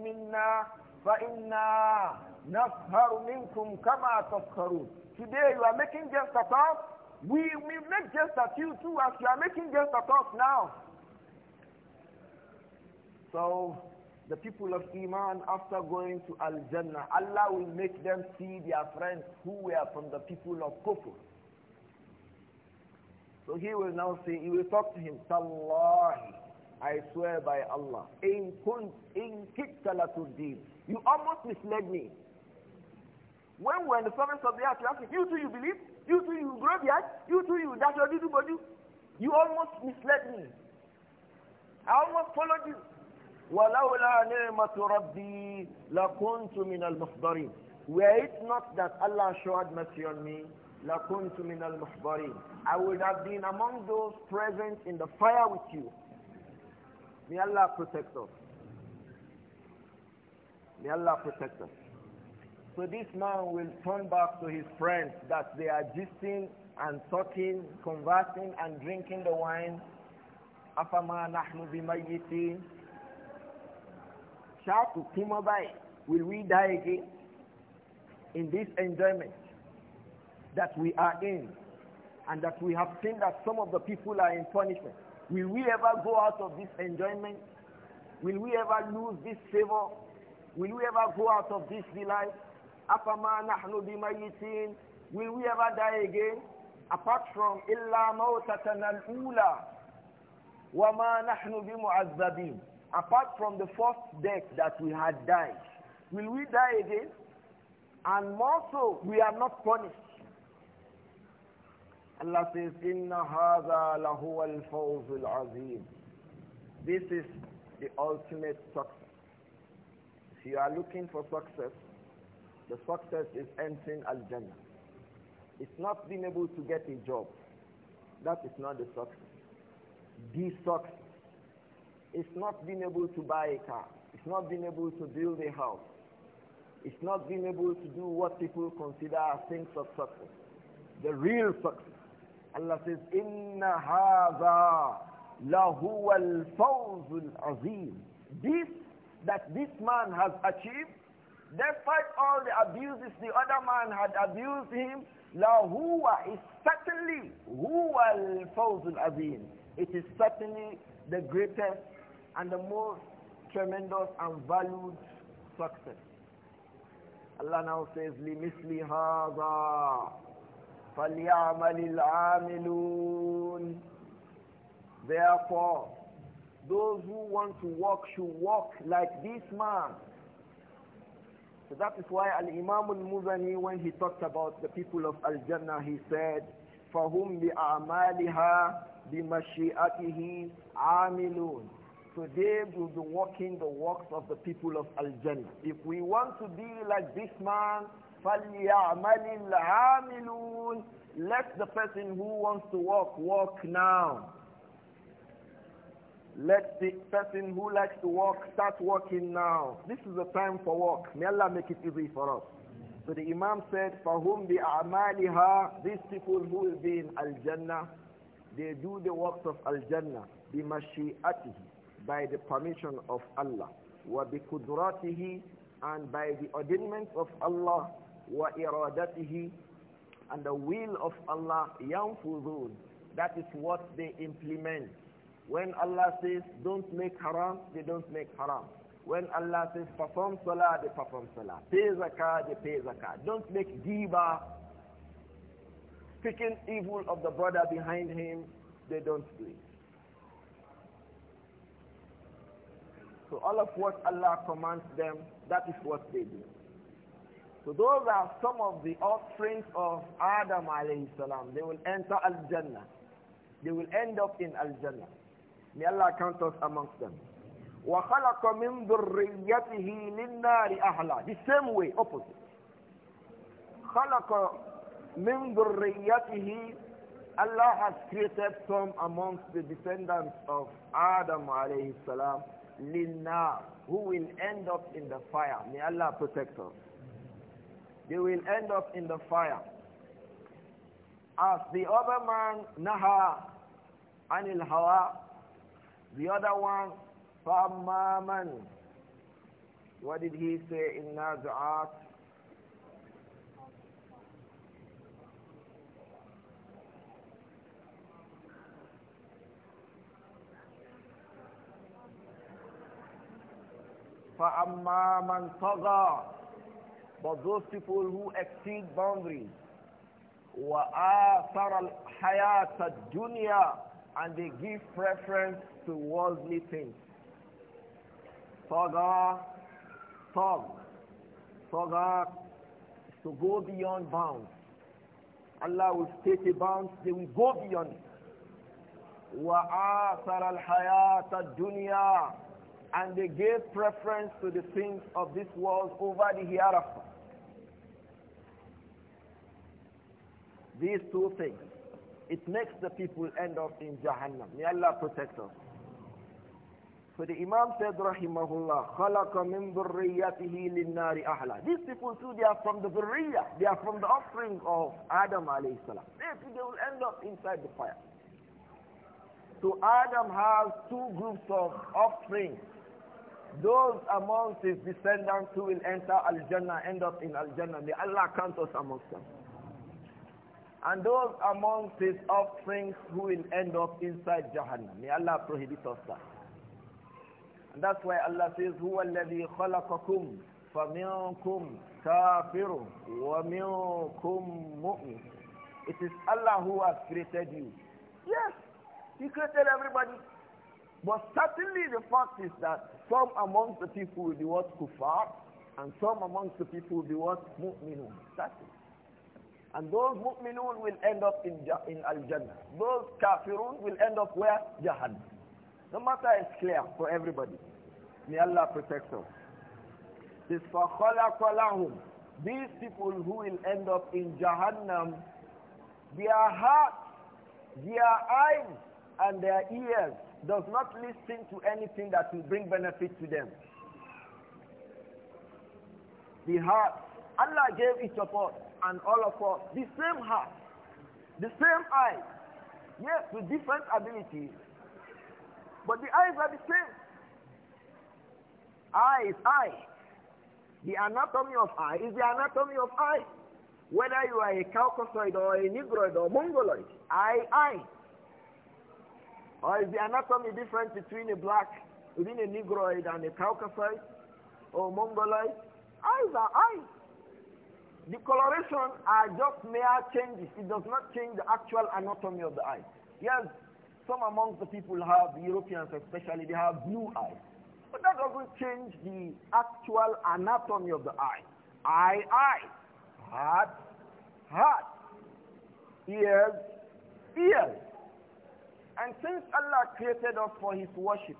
minna fa inna نَسْخَرُ minkum kama تَسْخَرُونَ Today you are making jest at us, we, we make jest at you too as you are making jest at us now. So the people of Iman, after going to Al-Jannah, Allah will make them see their friends who were from the people of Kufr. So he will now say, he will talk to him, Tallahi, I swear by Allah, in kunt, in kittalatuddin. You almost misled me. When we were in the service of the earth, you asked, you too you believe? You too you grow the earth? You too you That's your little body? You almost misled me. I almost followed you. وَلَوْلَا رَبِّي لَكُنْتُ مِنَ الْمُحْضَرِينَ Were it not that Allah showed mercy on me, لَكُنْتُ مِنَ الْمُحْضَرِينَ I would have been among those present in the fire with you. May Allah protect us. May Allah protect us. So this man will turn back to his friends that they are gisting and talking, conversing and drinking the wine. أَفَمَا نَحْنُ بِمَيِّتِينَ ṣáàtù to mọ́ báyìí will we die again in this enjoyment that we are in and that we have seen that some of the people are in punishment? Will we ever go out of this enjoyment? Will we ever lose this favor? Will we ever go out of this delight? Afama nahnu bimayitin. Will we ever die again? Apart from illa mawtatana al-ula. ma nahnu bimu'azzabin apart from the first death that we had died, will we die again? And more so, we are not punished. Allah says, Inna haza lahu al fawzul azim. This is the ultimate success. If you are looking for success, the success is entering Al Jannah. It's not being able to get a job. That is not the success. The success it's not being able to buy a car. It's not being able to build a house. It's not being able to do what people consider as things of success. The real success. Allah says, lahu al لَهُوَ al azim. This, that this man has achieved, despite all the abuses the other man had abused him, لَهُوَ is certainly al الْفَوْزُ azim. It is certainly the greatest and the most tremendous and valued success. Allah now says, لِمِثْلِ هَذَا فَلْيَعْمَلِ الْعَامِلُونَ Therefore, those who want to walk should walk like this man. So that is why Al-Imam Al-Muzani, when he talked about the people of Al-Jannah, he said, فَهُمْ بِأَعْمَالِهَا بِمَشِيئَتِهِ عَامِلُونَ Today we'll be walking the works of the people of Al-Jannah. If we want to be like this man, Let the person who wants to walk walk now. Let the person who likes to walk start walking now. This is the time for work. May Allah make it easy for us. So the Imam said, for whom the Amaliha, These people who will be in Al-Jannah, they do the works of Al-Jannah, بِمَشِيئَتِهِ by the permission of Allah kudratihi and by the ordainment of Allah iradatihi, and the will of Allah ينفذون that is what they implement when Allah says don't make haram they don't make haram when Allah says perform salah they perform salah pay zakah they pay zakah don't make diba speaking evil of the brother behind him they don't do it So all of what Allah commands them, that is what they do. So those are some of the offsprings of Adam alayhi salam. They will enter Al-Jannah. They will end up in Al-Jannah. May Allah count us amongst them. وَخَلَقَ مِن ذُرِّيَّتِهِ لِلنَّارِ أَهْلًا The same way, opposite. خَلَقَ مِن ذُرِّيَّتِهِ Allah has created some amongst the descendants of Adam alayhi salam Lina, Who will end up in the fire. May Allah protect us. They will end up in the fire. As the other man, Naha, Anil Hawa, the other one, Famaman. What did he say in Nazaat? فَأَمَّا مَنْ طَغَى But those people who exceed boundaries, وَآثَرَ الْحَيَاةَ الدُّنْيَا And they give preference to worldly things. طَغَى Taga طَغَى To go beyond bounds. Allah will state a bounds, they will go beyond it. وَآثَرَ الْحَيَاةَ الدُّنْيَا and they gave preference to the things of this world over the hereafter. These two things, it makes the people end up in Jahannam. May Allah protect us. So the Imam said, Rahimahullah, خَلَقَ مِن ذُرِّيَّتِهِ لِلنَّارِ These people too, they are from the Zurriya. They are from the offspring of Adam alayhi salam. they will end up inside the fire. So Adam has two groups of offspring. Those amongst his descendants who will enter Al-Jannah end up in Al-Jannah. May Allah count us amongst them. And those amongst his offspring who will end up inside Jahannam. May Allah prohibit us that. And that's why Allah says, هُوَ الَّذِي خَلَقَكُمْ فَمِنْكُمْ كَافِرٌ وَمِنْكُمْ مُؤْمِنٌ It is Allah who has created you. Yes, He created everybody. But certainly the fact is that some amongst the people will be what kuffar, and some amongst the people will be what mu'minun. That's it. And those mu'minun will end up in, in al-jannah. Those kafirun will end up where? Jahannam. The matter is clear for everybody. May Allah protect us. This فَخَلَقَ لَهُمْ These people who will end up in Jahannam, their hearts, their eyes, and their ears does not listen to anything that will bring benefit to them. The heart, Allah gave each of us and all of us the same heart, the same eyes, yes, with different abilities, but the eyes are the same. Eye is eye. The anatomy of eye is the anatomy of eye. Whether you are a caucasoid or a negroid or mongoloid, eye, eye. Or is the anatomy different between a black, between a Negroid and a Caucasoid or Mongoloid? Eyes are eyes. The coloration are just mere changes. It does not change the actual anatomy of the eye. Yes, some amongst the people have, the Europeans especially, they have blue eyes. But that doesn't change the actual anatomy of the eye. Eye, eye. Heart, heart. Ears, ears. And since Allah created us for His worship,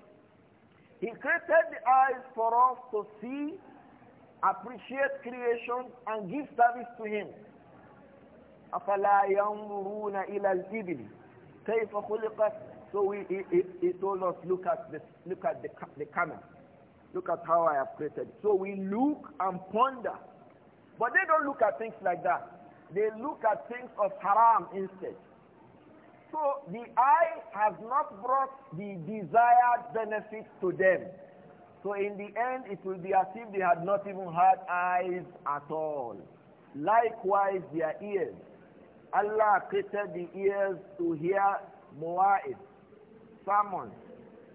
He created the eyes for us to see, appreciate creation, and give service to Him. أَفَلَا يَنْظُرُونَ إِلَى الْإِبِلِ كَيْفَ خُلِقَتْ So we, he, he, he, told us, look at, this, look at the, the camel. Look at how I have created So we look and ponder. But they don't look at things like that. They look at things of haram instead. So the eye has not brought the desired benefit to them. So in the end, it will be as if they had not even had eyes at all. Likewise, their ears. Allah created the ears to hear mu'a'id, sermons,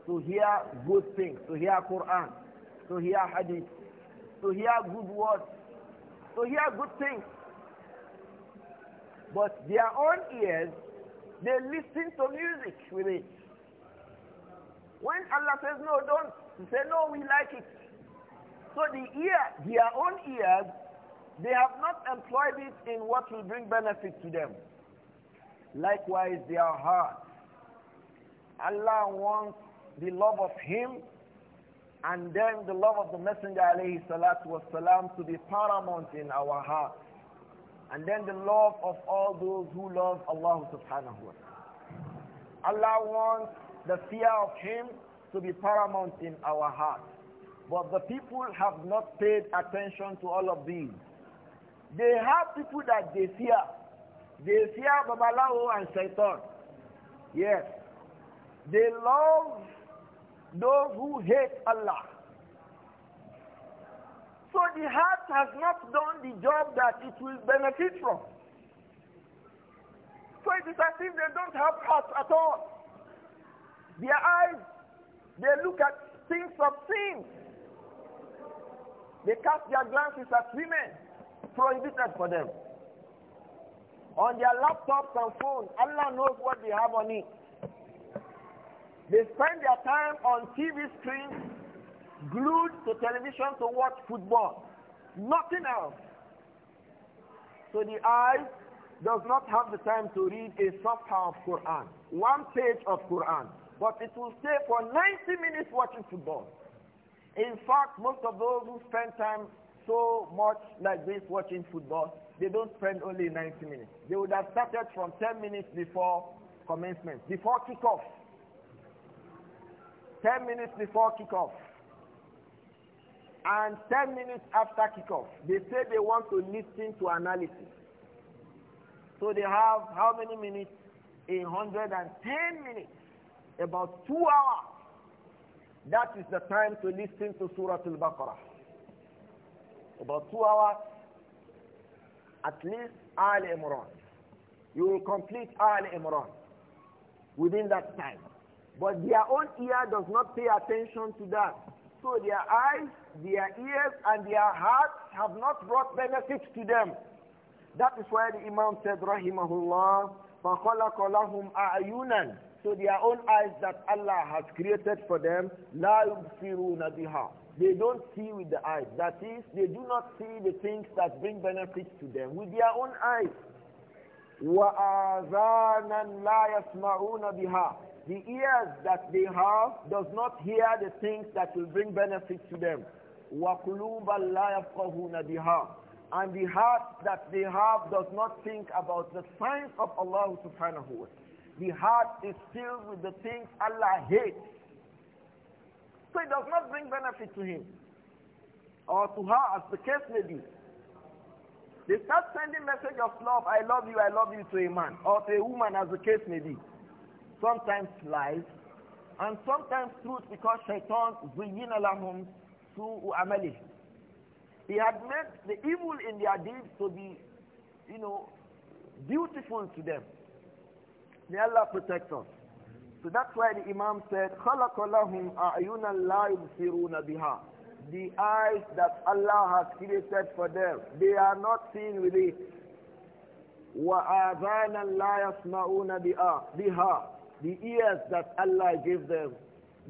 to hear good things, to hear Quran, to hear hadith, to hear good words, to hear good things. But their own ears they listen to music with it. When Allah says, no, don't, they say, no, we like it. So the ear, their own ears, they have not employed it in what will bring benefit to them. Likewise, their heart. Allah wants the love of Him and then the love of the Messenger alayhi to be paramount in our heart. And then the love of all those who love Allah subhanahu wa ta'ala. Allah wants the fear of Him to be paramount in our hearts. But the people have not paid attention to all of these. They have people that they fear. They fear Babalawo and Shaitan. Yes. They love those who hate Allah. So the heart has not done the job that it will benefit from. So it is as if they don't have heart at all. Their eyes, they look at things of sin. They cast their glances at women, prohibited for them. On their laptops and phones, Allah knows what they have on it. They spend their time on TV screens glued to television to watch football. Nothing else. So the eye does not have the time to read a chapter of Quran, one page of Quran, but it will stay for 90 minutes watching football. In fact, most of those who spend time so much like this watching football, they don't spend only 90 minutes. They would have started from 10 minutes before commencement, before kickoff. 10 minutes before kickoff and 10 minutes after kickoff, they say they want to listen to analysis. So they have how many minutes? 110 minutes. About two hours. That is the time to listen to Surah Al-Baqarah. About two hours, at least Al Imran. You will complete Al Imran within that time. But their own ear does not pay attention to that. So their eyes their ears and their hearts have not brought benefits to them. That is why the Imam said, Rahimahullah, فَخَلَقَ لَهُمْ أَعْيُنًا So their own eyes that Allah has created for them, لَا يُبْصِرُونَ بِهَا They don't see with the eyes. That is, they do not see the things that bring benefits to them with their own eyes. وَآذَانًا لَا يَسْمَعُونَ بِهَا The ears that they have does not hear the things that will bring benefit to them. وَقُلُوبًا لَا يَفْقَهُونَ بِهَا And the heart that they have does not think about the signs of Allah subhanahu wa ta'ala. The heart is filled with the things Allah hates. So it does not bring benefit to him. Or to her as the case may be. They start sending message of love, I love you, I love you to a man or to a woman as the case may be. Sometimes lies and sometimes truth because shaitan زين لهم su'u amali. He had made the evil in their deeds to be, you know, beautiful to them. May Allah protect us. So that's why the Imam said, خَلَقَ لَهُمْ أَعْيُنًا لَا يُبْصِرُونَ بِهَا The eyes that Allah has created for them, they are not seen with it. وَآذَانًا لَا يَسْمَعُونَ بِهَا The ears that Allah gave them,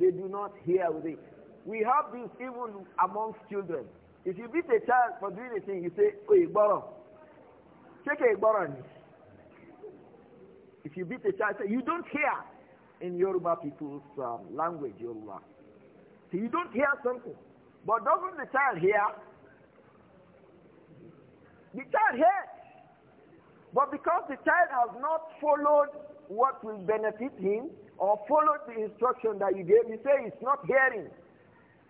they do not hear with it. We have this even amongst children. If you beat a child for doing a thing, you say, Oh, Igboro. Check a Igboro. If you beat a child, say, You don't hear in Yoruba people's um, language, Yoruba. So you don't hear something. But doesn't the child hear? The child hears. But because the child has not followed what will benefit him or followed the instruction that you gave, you say it's not hearing.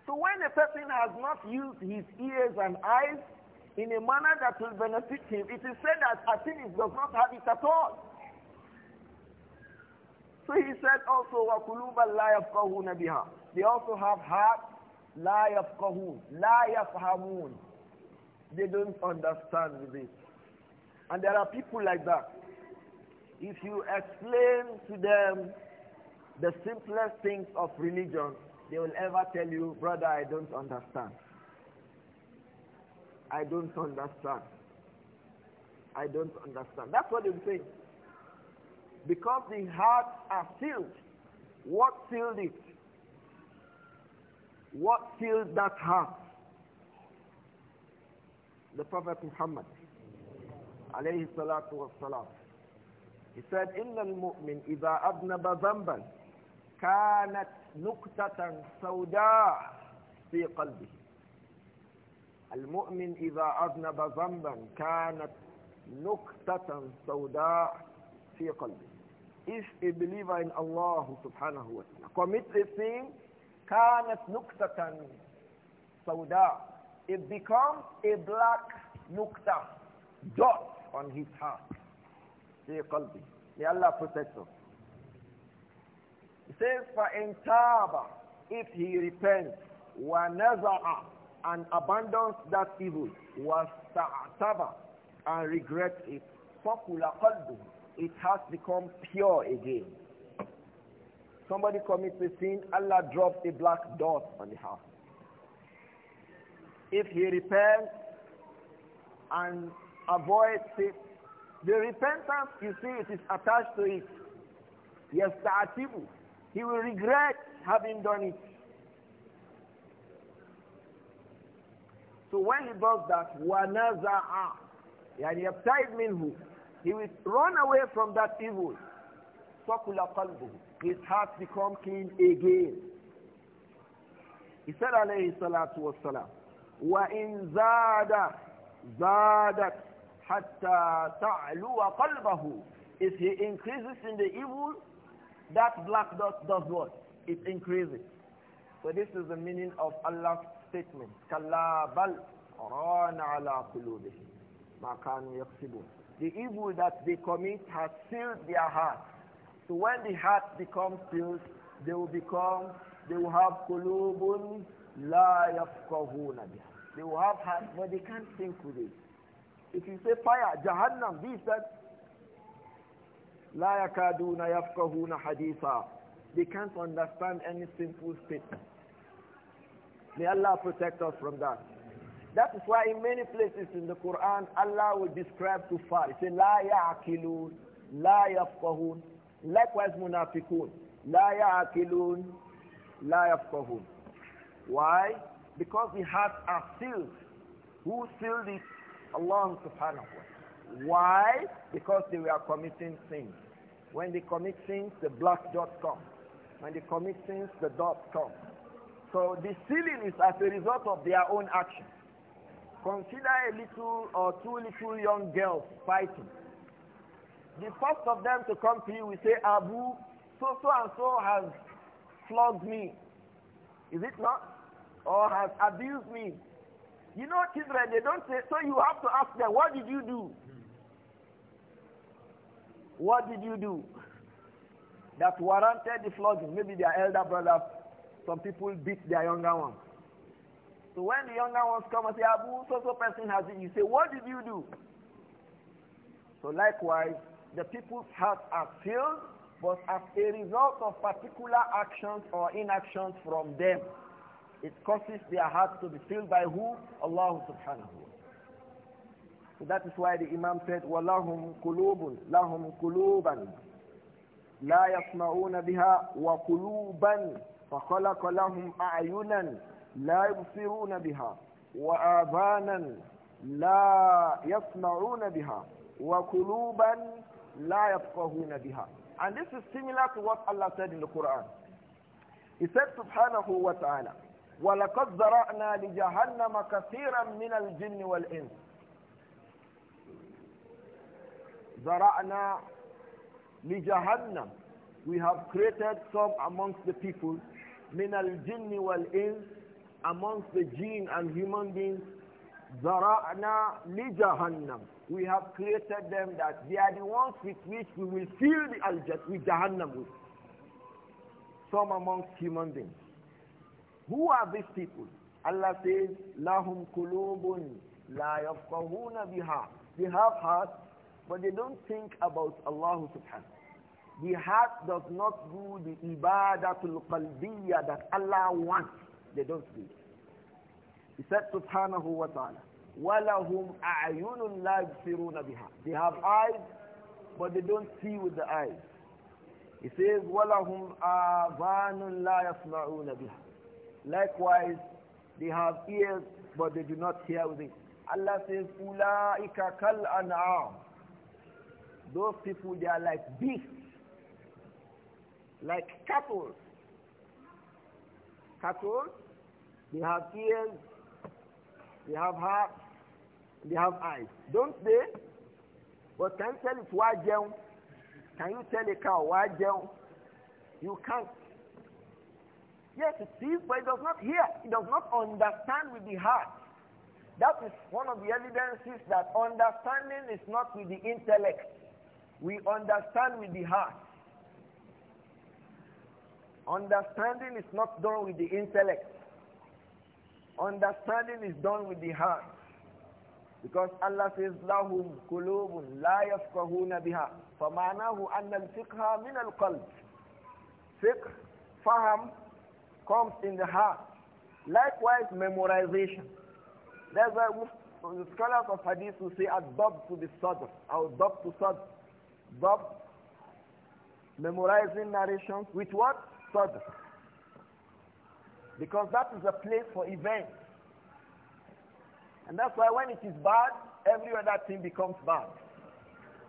So when a person has not used his ears and eyes in a manner that will benefit him, it is said that Athenis does not have it at all. So he said also, وَقُلُوبَ لَا يَفْقَهُونَ بِهَا They also have heart, لَا يَفْقَهُونَ لَا يَفْهَمُونَ They don't understand this. And there are people like that. If you explain to them the simplest things of religion, they will ever tell you, brother, I don't understand. I don't understand. I don't understand. That's what they are say. Because the hearts are filled. What filled it? What filled that heart? The Prophet Muhammad. Alayhi salatu wassalam. He said, إِنَّ الْمُؤْمِنِ إِذَا أَذْنَبَ ذَنْبًا كَانَتْ نكتة سوداء في قلبه المؤمن إذا أذنب ذنبا كانت نكتة سوداء في قلبه If a believer in Allah subhanahu wa ta'ala commits a sin, كانت نكتة سوداء It becomes a black نكتة dot on his heart. في قلبه. May Allah protect us. says, for تَابَ If he repents, وَنَزَعَ And abandons that evil, وَاسْتَعْتَبَ And regrets it, فَقُلَ قَلْبُهُ It has become pure again. Somebody commits a sin, Allah drops a black dot on the heart. If he repents and avoids it, the repentance, you see, it is attached to it. Yes, he will regret having done it. So when he does that, and he يبتعد منه He will run away from that evil. Sakula قَلْبُهُ His heart become clean again. He said عليه Wa in zada زَادَ hatta حَتَّى wa قَلْبَهُ If he increases in the evil, that black dot does what? It increases. So this is the meaning of Allah's statement. Kalla bal The evil that they commit has sealed their heart. So when the heart becomes sealed, they will become, they will have qulubun la yafqahuna They will have heart, but they can't think with it. If you say fire, Jahannam, this, that, لا يكادون يفقهون حديثا They can't understand any simple statement. May Allah protect us from that. That is why in many places in the Quran, Allah will describe kuffar. He said, لا يعقلون لا يفقهون Likewise, munafiqun. لا يعقلون لا يفقهون Why? Because the hearts are filled. Who filled it? Allah subhanahu wa ta'ala. Why? Because they were committing sins. When they commit sins, the black dot comes. When they commit sins, the dot comes. So the ceiling is as a result of their own action. Consider a little or two little young girls fighting. The first of them to come to you will say, Abu, so so and so has flogged me. Is it not? Or has abused me. You know, children, they don't say, so you have to ask them, what did you do? What did you do that warranted the flogging? Maybe their elder brother, some people beat their younger ones. So when the younger ones come and say, Abu, so so person has it, you say, what did you do? So likewise, the people's hearts are filled, but as a result of particular actions or inactions from them, it causes their hearts to be filled by who? Allah subhanahu wa So that is why the Imam said, وَلَهُمْ قُلُوبٌ لَهُمْ قُلُوبًا لَا يَسْمَعُونَ بِهَا وَقُلُوبًا فَخَلَقَ لَهُمْ أَعْيُنًا لَا يُبْصِرُونَ بِهَا وَآذَانًا لَا يَسْمَعُونَ بِهَا وَقُلُوبًا لَا يَفْقَهُونَ بِهَا And this is similar to what Allah said in the Quran. He said subhanahu wa ta'ala, وَلَقَدْ ذَرَأْنَا لِجَهَنَّمَ كَثِيرًا مِنَ الْجِنِّ وَالْإِنسِ li Jahannam, We have created some amongst the people, min al jinn wal ins, Amongst the jinn and human beings, li Jahannam, We have created them that they are the ones with which we will fill the al-jannah with Jahannam with. Some amongst human beings. Who are these people? Allah says, kulubun, la لَا يَفْقَهُونَ biha. They have hearts, but they don't think about Allah subhanahu The heart does not do the ibadatul qalbiyya that Allah wants. They don't do it. He said subhanahu wa ta'ala, وَلَهُمْ أَعْيُنٌ لَا يُبْصِرُونَ بِهَا They have eyes, but they don't see with the eyes. He says, وَلَهُمْ آذَانٌ لَا يَسْمَعُونَ بِهَا Likewise, they have ears, but they do not hear with it. Allah says, أُولَٰئِكَ كَالْأَنْعَامِ those people, they are like beasts, like cattle. Cattle, they have ears, they have hearts, they have eyes. Don't they? But can you tell it why down? Can you tell a cow why down? You can't. Yes, it sees, but it does not hear. It does not understand with the heart. That is one of the evidences that understanding is not with the intellect. We understand with the heart. Understanding is not done with the intellect. Understanding is done with the heart. Because Allah says, لَهُمْ قُلُوبٌ لَا يَفْقَهُونَ بِهَا فَمَعْنَاهُ أَنَّ الْفِقْهَ مِنَ الْقَلْبِ Fiqh, faham, comes in the heart. Likewise, memorization. That's why the scholars of hadith will say, أَدْضَبْتُ بِالصَّدْرِ أو ضَبْتُ صَدْرِ Bob, memorizing narrations with what? Sadr. Because that is a place for events. And that's why when it is bad, every other thing becomes bad.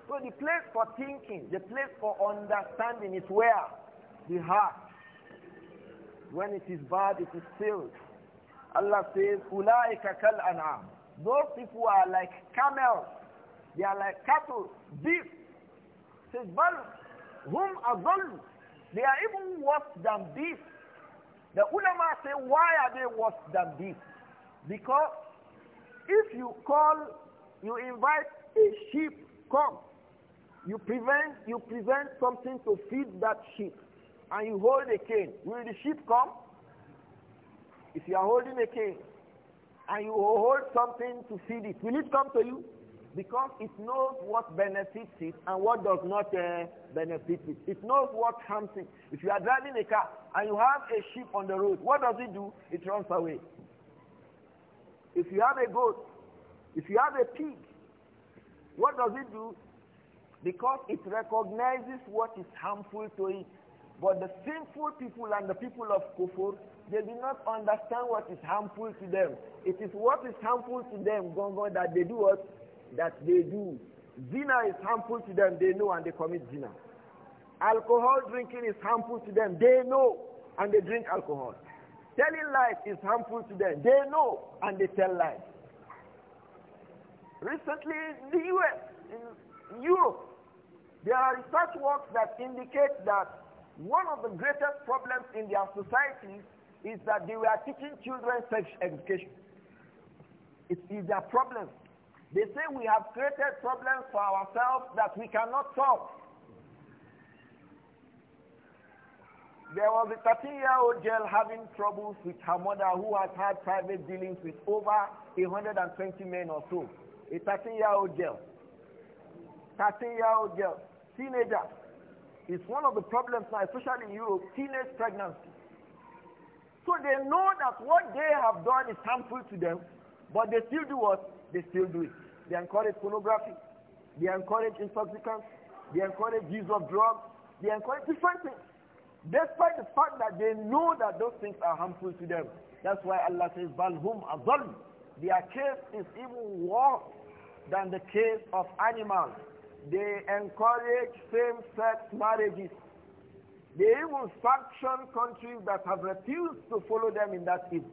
So the place for thinking, the place for understanding is where? The heart. When it is bad, it is filled. Allah says, Ulaika kal an'am. Those people are like camels. They are like cattle, beasts says, Bal, whom adul, they are even worse than this. The ulama say, why are they worse than this? Because if you call, you invite a sheep, come. You prevent, you present something to feed that sheep, and you hold a cane. Will the sheep come? If you are holding a cane, and you hold something to feed it, will it come to you? because it knows what benefits it and what does not uh, benefit it. It knows what harms it. If you are driving a car and you have a sheep on the road, what does it do? It runs away. If you have a goat, if you have a pig, what does it do? Because it recognizes what is harmful to it. But the sinful people and the people of Kufur, they do not understand what is harmful to them. It is what is harmful to them, Gongo, that they do what? that they do. Zina is harmful to them, they know, and they commit zina. Alcohol drinking is harmful to them, they know, and they drink alcohol. Telling lies is harmful to them, they know, and they tell lies. Recently, in the US, in Europe, there are research works that indicate that one of the greatest problems in their societies is that they were teaching children sex education. It is their problem. They say we have created problems for ourselves that we cannot solve. There was a 13-year-old girl having troubles with her mother who has had private dealings with over 120 men or so. A 13-year-old girl. 13-year-old girl. Teenager. It's one of the problems now, especially in Europe, teenage pregnancy. So they know that what they have done is harmful to them, but they still do what? They still do it. They encourage pornography. They encourage intoxicants. They encourage use of drugs. They encourage different things. Despite the fact that they know that those things are harmful to them. That's why Allah says, Balhum azal. Their case is even worse than the case of animals. They encourage same-sex marriages. They even sanction countries that have refused to follow them in that evil.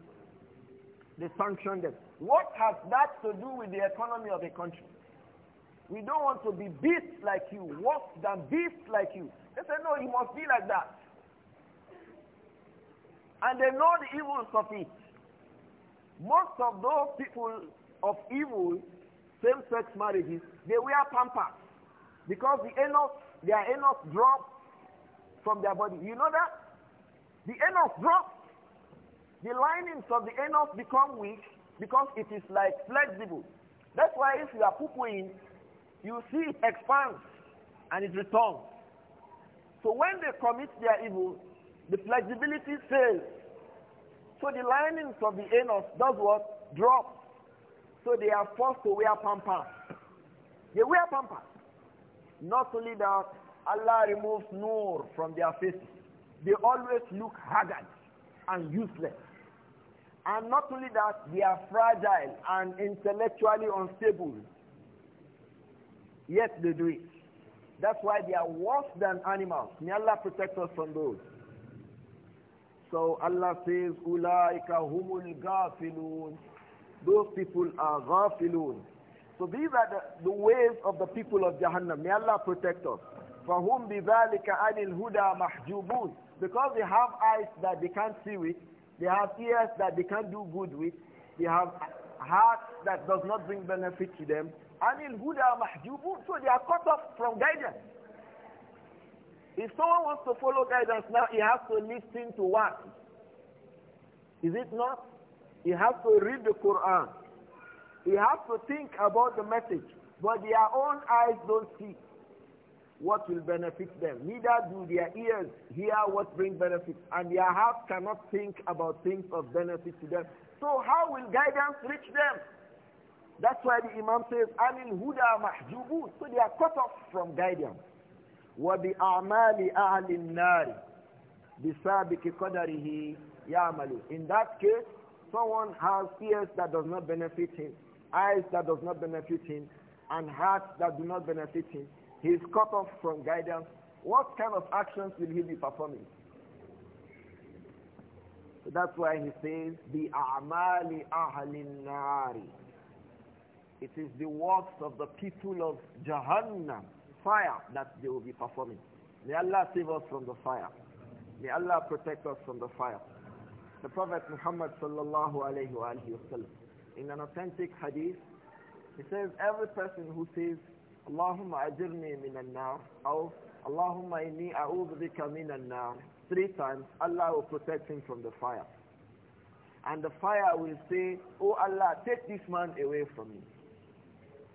They sanction them. What has that to do with the economy of a country? We don't want to be beasts like you, worse than beasts like you. They say, no, you must be like that. And they know the evils of it. Most of those people of evil, same-sex marriages, they wear pampers because the anus, their anus drops from their body. You know that? The anus drops the linings of the anus become weak because it is like flexible. That's why if you are pooping, you see it expands and it returns. So when they commit their evil, the flexibility fails. So the linings of the anus does what? Drops. So they are forced to wear pampas. They wear pampas. Not only that, Allah removes noor from their faces. They always look haggard and useless. And not only that, they are fragile and intellectually unstable. Yet they do it. That's why they are worse than animals. May Allah protect us from those. So Allah says, Ulaika humul ghafilun. Those people are ghafilun. So these are the, the ways of the people of Jahannam. May Allah protect us. whom بِذَلِكَ عَنِ huda مَحْجُوبُونَ Because they have eyes that they can't see with, they have ears that they can't do good with. They have hearts that does not bring benefit to them. who huda mahjubun. So they are cut off from guidance. If someone wants to follow guidance now, he has to listen to what? Is it not? He has to read the Quran. He has to think about the message. But their own eyes don't see what will benefit them. Neither do their ears hear what brings benefit, and their heart cannot think about things of benefit to them. So how will guidance reach them? That's why the Imam says, Anil Huda Mahjubu. So they are cut off from guidance. وَبِأَعْمَالِ أَهْلِ النَّارِ بِسَابِكِ قَدَرِهِ yamali. In that case, someone has ears that does not benefit him, eyes that does not benefit him, and hearts that do not benefit him he is cut off from guidance, what kind of actions will he be performing? So that's why he says, the amali ahlin nari. It is the works of the people of Jahannam, fire, that they will be performing. May Allah save us from the fire. May Allah protect us from the fire. The Prophet Muhammad sallallahu alayhi wa sallam, in an authentic hadith, he says, every person who says, Allahumma ajirni minan nar. Or Allahumma inni a'udhu bika minan nar. Three times, Allah will protect him from the fire. And the fire will say, Oh Allah, take this man away from me.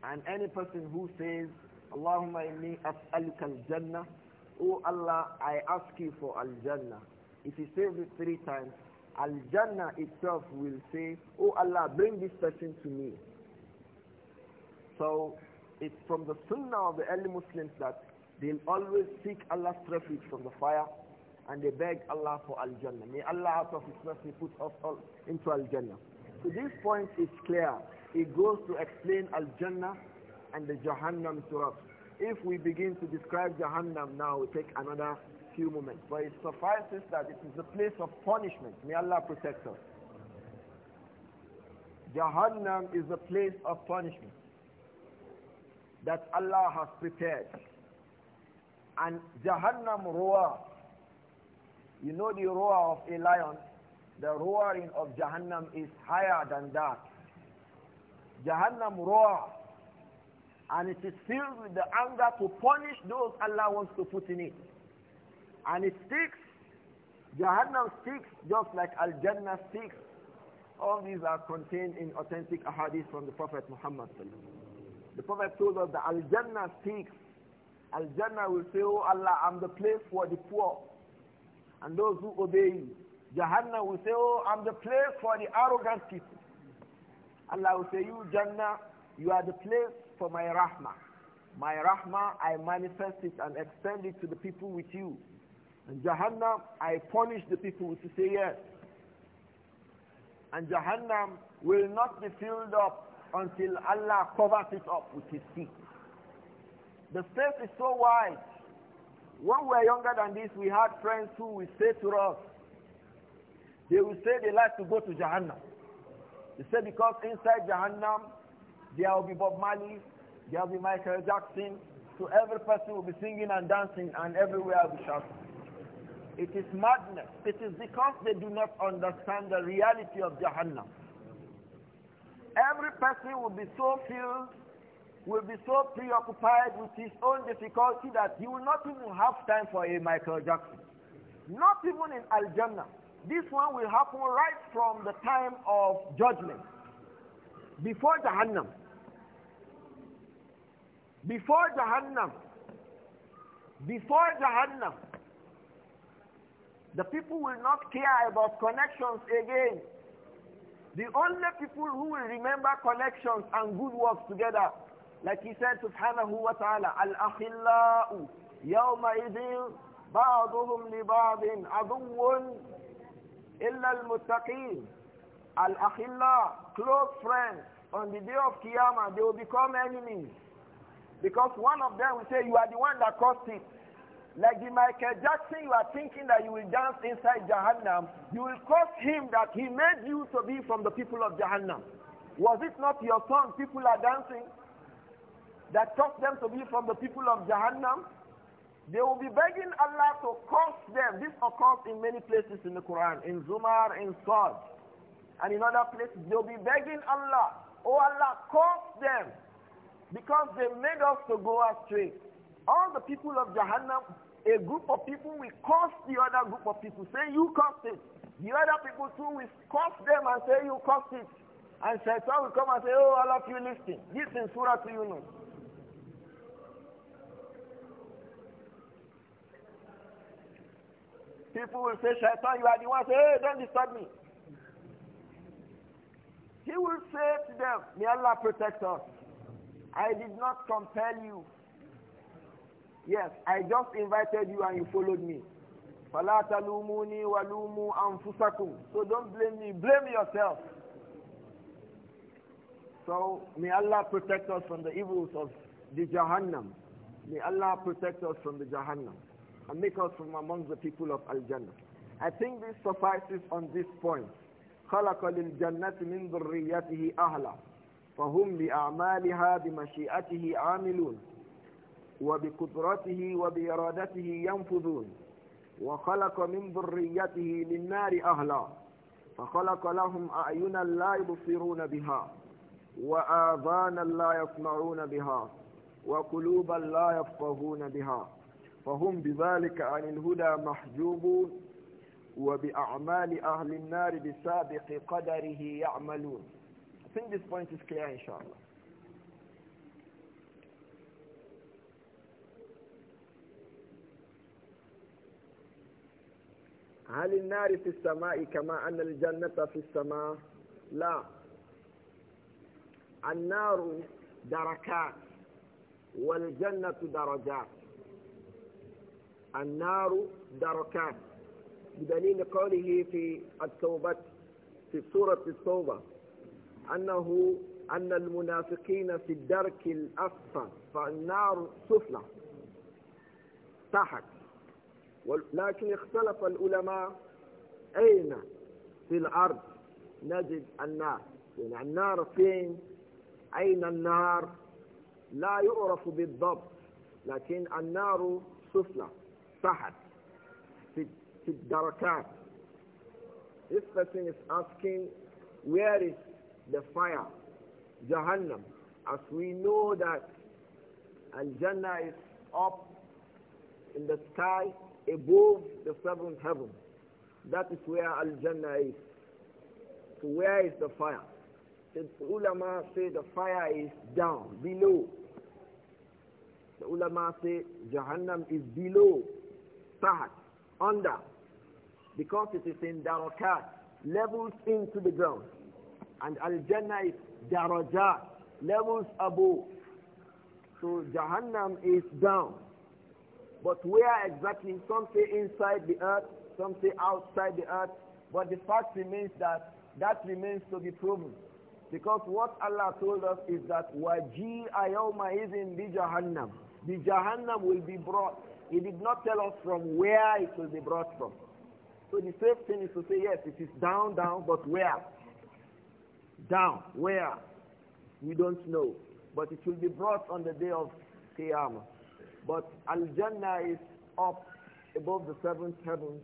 And any person who says, Allahumma inni as'aluka al-jannah. Oh Allah, I ask you for al-jannah. If he says it three times, al-jannah itself will say, Oh Allah, bring this person to me. So it's from the sunnah of the early Muslims that they'll always seek Allah's refuge from the fire and they beg Allah for Al-Jannah. May Allah out of His mercy put us all into Al-Jannah. So this point is clear. It goes to explain Al-Jannah and the Jahannam to us. If we begin to describe Jahannam now, we take another few moments. But it suffices that it is a place of punishment. May Allah protect us. Jahannam is a place of punishment that Allah has prepared. And Jahannam roar. You know the roar of a lion? The roaring of Jahannam is higher than that. Jahannam roar. And it is filled with the anger to punish those Allah wants to put in it. And it sticks. Jahannam sticks just like Al-Jannah sticks. All these are contained in authentic ahadith from the Prophet Muhammad sallallahu the Prophet told us that Al-Jannah seeks. Al-Jannah will say, Oh Allah, I'm the place for the poor and those who obey you. Jahannah will say, Oh, I'm the place for the arrogant people. Allah will say, You Jannah, you are the place for my rahmah. My rahmah, I manifest it and extend it to the people with you. And Jahannam, I punish the people who say yes. And Jahannam will not be filled up until Allah covers it up with his feet. The space is so wide. When we were younger than this, we had friends who would say to us, they would say they like to go to Jahannam. They say because inside Jahannam, there will be Bob Marley, there will be Michael Jackson, so every person will be singing and dancing and everywhere will be shouting. It is madness. It is because they do not understand the reality of Jahannam. Every person will be so filled, will be so preoccupied with his own difficulty that he will not even have time for a Michael Jackson. Not even in Al-Jannah. This one will happen right from the time of judgment. Before Jahannam. Before Jahannam. Before Jahannam. The people will not care about connections again the only people who will remember collections and good works together, like he said, subhanahu wa ta'ala, al-akhillau yawma idil, ba'duhum li ba'din aduwwun illa al-muttaqin. al akhila close friends, on the day of Qiyamah, they will become enemies. Because one of them will say, you are the one that caused it. Like the Michael Jackson, you are thinking that you will dance inside Jahannam. You will curse him that he made you to be from the people of Jahannam. Was it not your song people are dancing that taught them to be from the people of Jahannam? They will be begging Allah to curse them. This occurs in many places in the Quran, in Zumar, in Saud, and in other places. They'll be begging Allah, Oh Allah, curse them because they made us to go astray. All the people of Jahannam a group of people will curse the other group of people, say, you cursed it. The other people too will curse them and say, you cursed it. And Shaitan will come and say, oh, all of you listening. This is Surah to Yunus. People will say, Shaitan, you are the one. Say, hey, don't disturb me. He will say to them, may Allah protect us. I did not compel you. Yes, I just invited you and you followed me. فَلَا تَلُومُونِي وَلُومُوا أَنفُسَكُمْ So don't blame me, blame yourself. So may Allah protect us from the evils of the Jahannam. May Allah protect us from the Jahannam and make us from among the people of Al-Jannah. I think this suffices on this point. خلق للجنة من ذريته أهلا فهم لأعمالها بمشيئته عاملون وبقدرته وبإرادته ينفذون وخلق من ذريته للنار أهلا فخلق لهم أعينا لا يبصرون بها وآذانا لا يسمعون بها وقلوبا لا يفقهون بها فهم بذلك عن الهدى محجوبون وبأعمال أهل النار بسابق قدره يعملون I think this point is clear inshallah هل النار في السماء كما أن الجنة في السماء لا النار دركات والجنة درجات النار دركات بدليل قوله في التوبة في سورة التوبة أنه أن المنافقين في الدرك الأسفل فالنار سفلى تحت لكن اختلف العلماء أين في الأرض نجد النار يعني النار فين أين النار لا يعرف بالضبط لكن النار سفلى تحت في, في الدركات This person is asking where is the fire Jahannam as we know that Al-Jannah is up in the sky above the seventh heaven. That is where Al-Jannah is. So where is the fire? The ulama say the fire is down, below. The ulama say Jahannam is below, tahat, under. Because it is in darakat, levels into the ground. And Al-Jannah is darajat, levels above. So Jahannam is down. But where exactly? Some say inside the earth, some say outside the earth. But the fact remains that that remains to be proven. Because what Allah told us is that waji is in bi jahannam. The jahannam will be brought. He did not tell us from where it will be brought from. So the safe thing is to say, yes, it is down, down, but where? Down, where? We don't know. But it will be brought on the day of Qiyamah. But Al-Jannah is up above the seventh heaven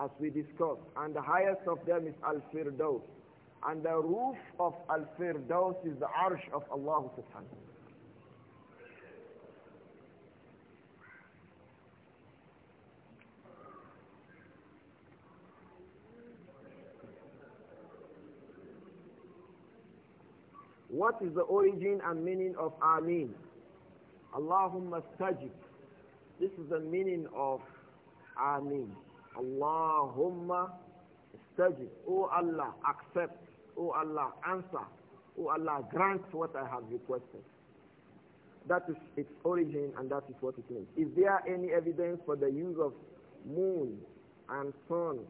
as we discussed. And the highest of them is Al-Firdaus. And the roof of Al-Firdaus is the Arsh of Allah subhanahu What is the origin and meaning of Amin? Allahumma stajib. This is the meaning of Ameen. Allahumma stajib. O Allah, accept. O Allah, answer. O Allah, grant what I have requested. That is its origin and that is what it means. Is there any evidence for the use of moon and sun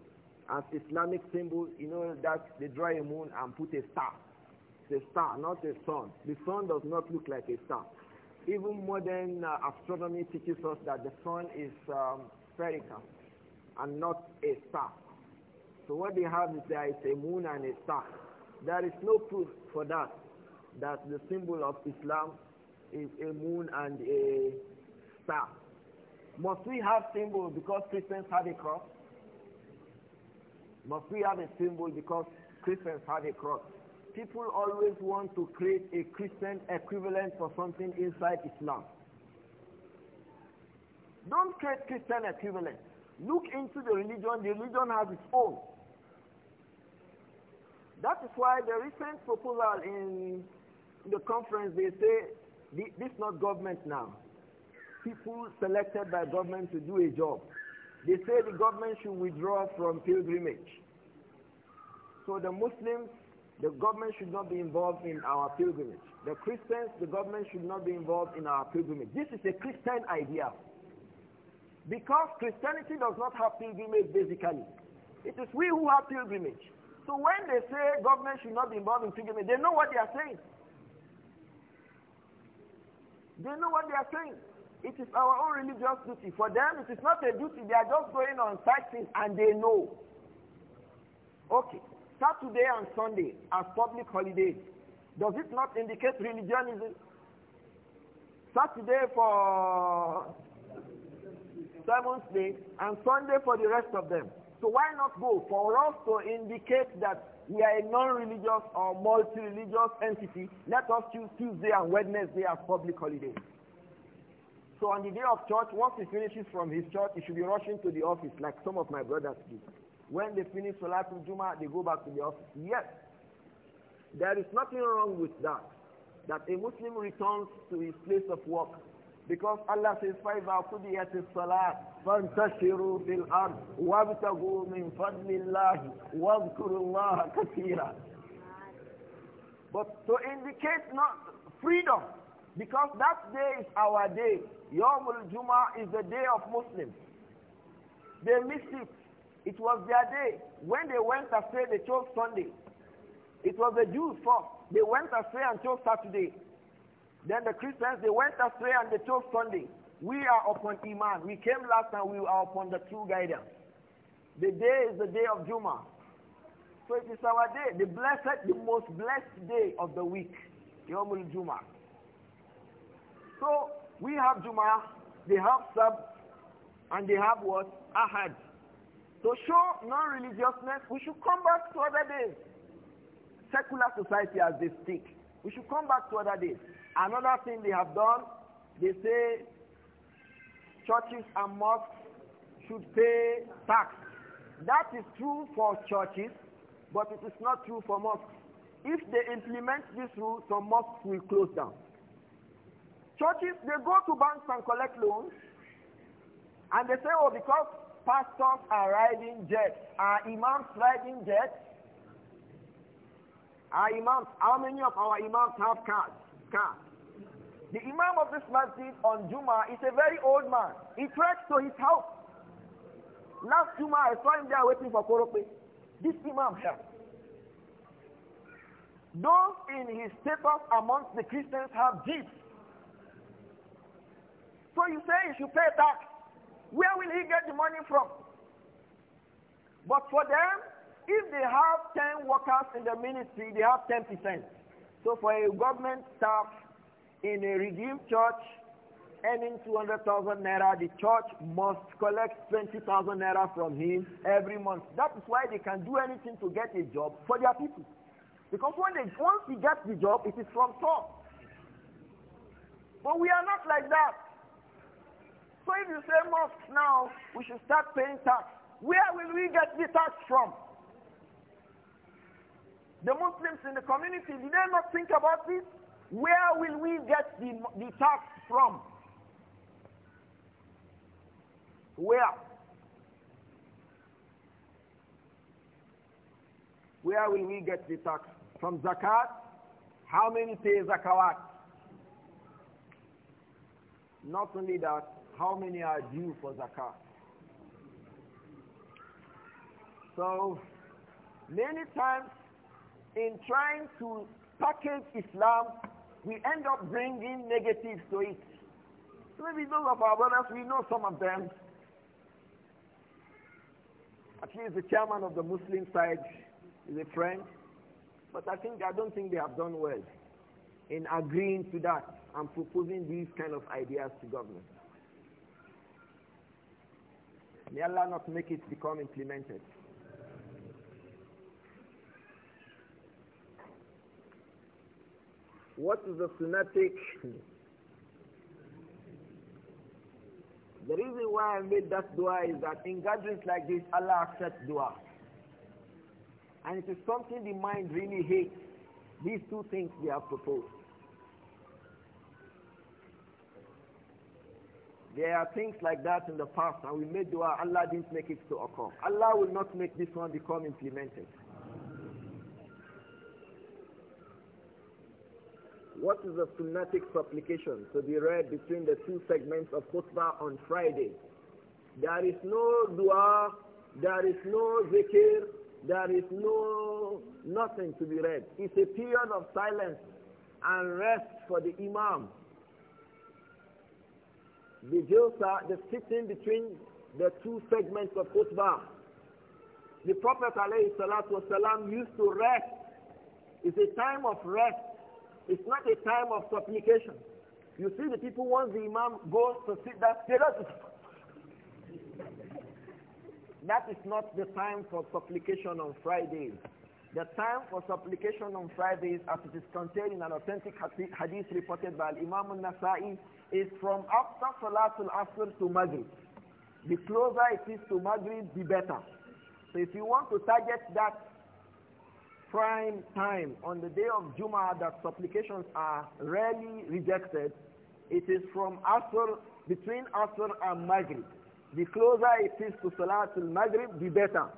as Islamic symbol? You know that they draw a moon and put a star. It's a star, not a sun. The sun does not look like a star. Even modern uh, astronomy teaches us that the sun is um, spherical and not a star. So what they have is there is a moon and a star. There is no proof for that, that the symbol of Islam is a moon and a star. Must we have symbol because Christians have a cross? Must we have a symbol because Christians have a cross? people always want to create a Christian equivalent for something inside Islam. Don't create Christian equivalent. Look into the religion. The religion has its own. That is why the recent proposal in the conference, they say, this is not government now. People selected by government to do a job. They say the government should withdraw from pilgrimage. So the Muslims the government should not be involved in our pilgrimage. The Christians, the government should not be involved in our pilgrimage. This is a Christian idea. Because Christianity does not have pilgrimage basically. It is we who have pilgrimage. So when they say government should not be involved in pilgrimage, they know what they are saying. They know what they are saying. It is our own religious duty. For them, it is not a duty. They are just going on sightseeing and they know. Okay. Saturday and Sunday as public holidays, does it not indicate religionism? Saturday for seventh day and Sunday for the rest of them. So why not go for us to indicate that we are a non-religious or multi-religious entity? Let us choose Tuesday and Wednesday as public holidays. So on the day of church, once he finishes from his church, he should be rushing to the office like some of my brothers do. When they finish Salatul Juma, they go back to the office. Yes, there is nothing wrong with that. That a Muslim returns to his place of work. Because Allah says, فَإِذَا قُضِيَتِ الصَّلَاةِ فَانْتَشِرُوا فِي الْأَرْضِ وَابْتَغُوا مِنْ فَضْلِ اللَّهِ وَاذْكُرُوا اللَّهَ كَثِيرًا But to indicate not freedom, because that day is our day. Yawmul Juma is the day of Muslims. They miss it. It was their day. When they went astray, they chose Sunday. It was the Jews first. They went astray and chose Saturday. Then the Christians, they went astray and they chose Sunday. We are upon Iman. We came last time. we are upon the true guidance. The day is the day of Juma. So it is our day, the blessed, the most blessed day of the week, Yomul Juma. So we have Juma, they have Sub, and they have what? Ahad to show non-religiousness, we should come back to other days. Secular society as they speak. We should come back to other days. Another thing they have done, they say churches and mosques should pay tax. That is true for churches, but it is not true for mosques. If they implement this rule, some mosques will close down. Churches, they go to banks and collect loans, and they say, oh, because pastors are riding jets. Are imams riding jets? Our imams, how many of our imams have cars? Cars. The imam of this masjid on Juma is a very old man. He treks to his house. Last Juma, I saw him there waiting for Korope. This imam here. Those in his status amongst the Christians have jeeps. So you say you should pay tax. Where will he get the money from? But for them, if they have 10 workers in the ministry, they have 10%. So for a government staff in a redeemed church earning 200,000 naira, the church must collect 20,000 naira from him every month. That is why they can do anything to get a job for their people. Because when they, once he gets the job, it is from top. But we are not like that. So if you say mosques now, we should start paying tax. Where will we get the tax from? The Muslims in the community, did they not think about this? Where will we get the, the tax from? Where? Where will we get the tax? From zakat? How many pay zakat? Not only that, how many are due for zakah? So, many times in trying to package Islam, we end up bringing negatives to it. maybe those of our brothers, we know some of them. At least the chairman of the Muslim side is a friend. But I think I don't think they have done well in agreeing to that and proposing these kind of ideas to government. May Allah not make it become implemented. What is the sunnatic? The reason why I made that dua is that in gatherings like this, Allah accepts dua. And it is something the mind really hates. These two things they have proposed. There are things like that in the past, and we made dua. Allah didn't make it to occur. Allah will not make this one become implemented. What is the sunnatic supplication to be read between the two segments of khutbah on Friday? There is no dua, there is no zikr, there is no nothing to be read. It's a period of silence and rest for the imam uh, the jilsa, the sitting between the two segments of khutbah. The Prophet والسلام, used to rest. It's a time of rest. It's not a time of supplication. You see the people want the imam goes to sit down, they don't. (laughs) That is not the time for supplication on Fridays. The time for supplication on Fridays, as it is contained in an authentic hadith reported by Imam al-Nasa'i, is from after Salatul Asr to Maghrib. The closer it is to Maghrib, the better. So if you want to target that prime time on the day of Jummah that supplications are rarely rejected, it is from Asr, between Asr and Maghrib. The closer it is to Salatul Maghrib, the better.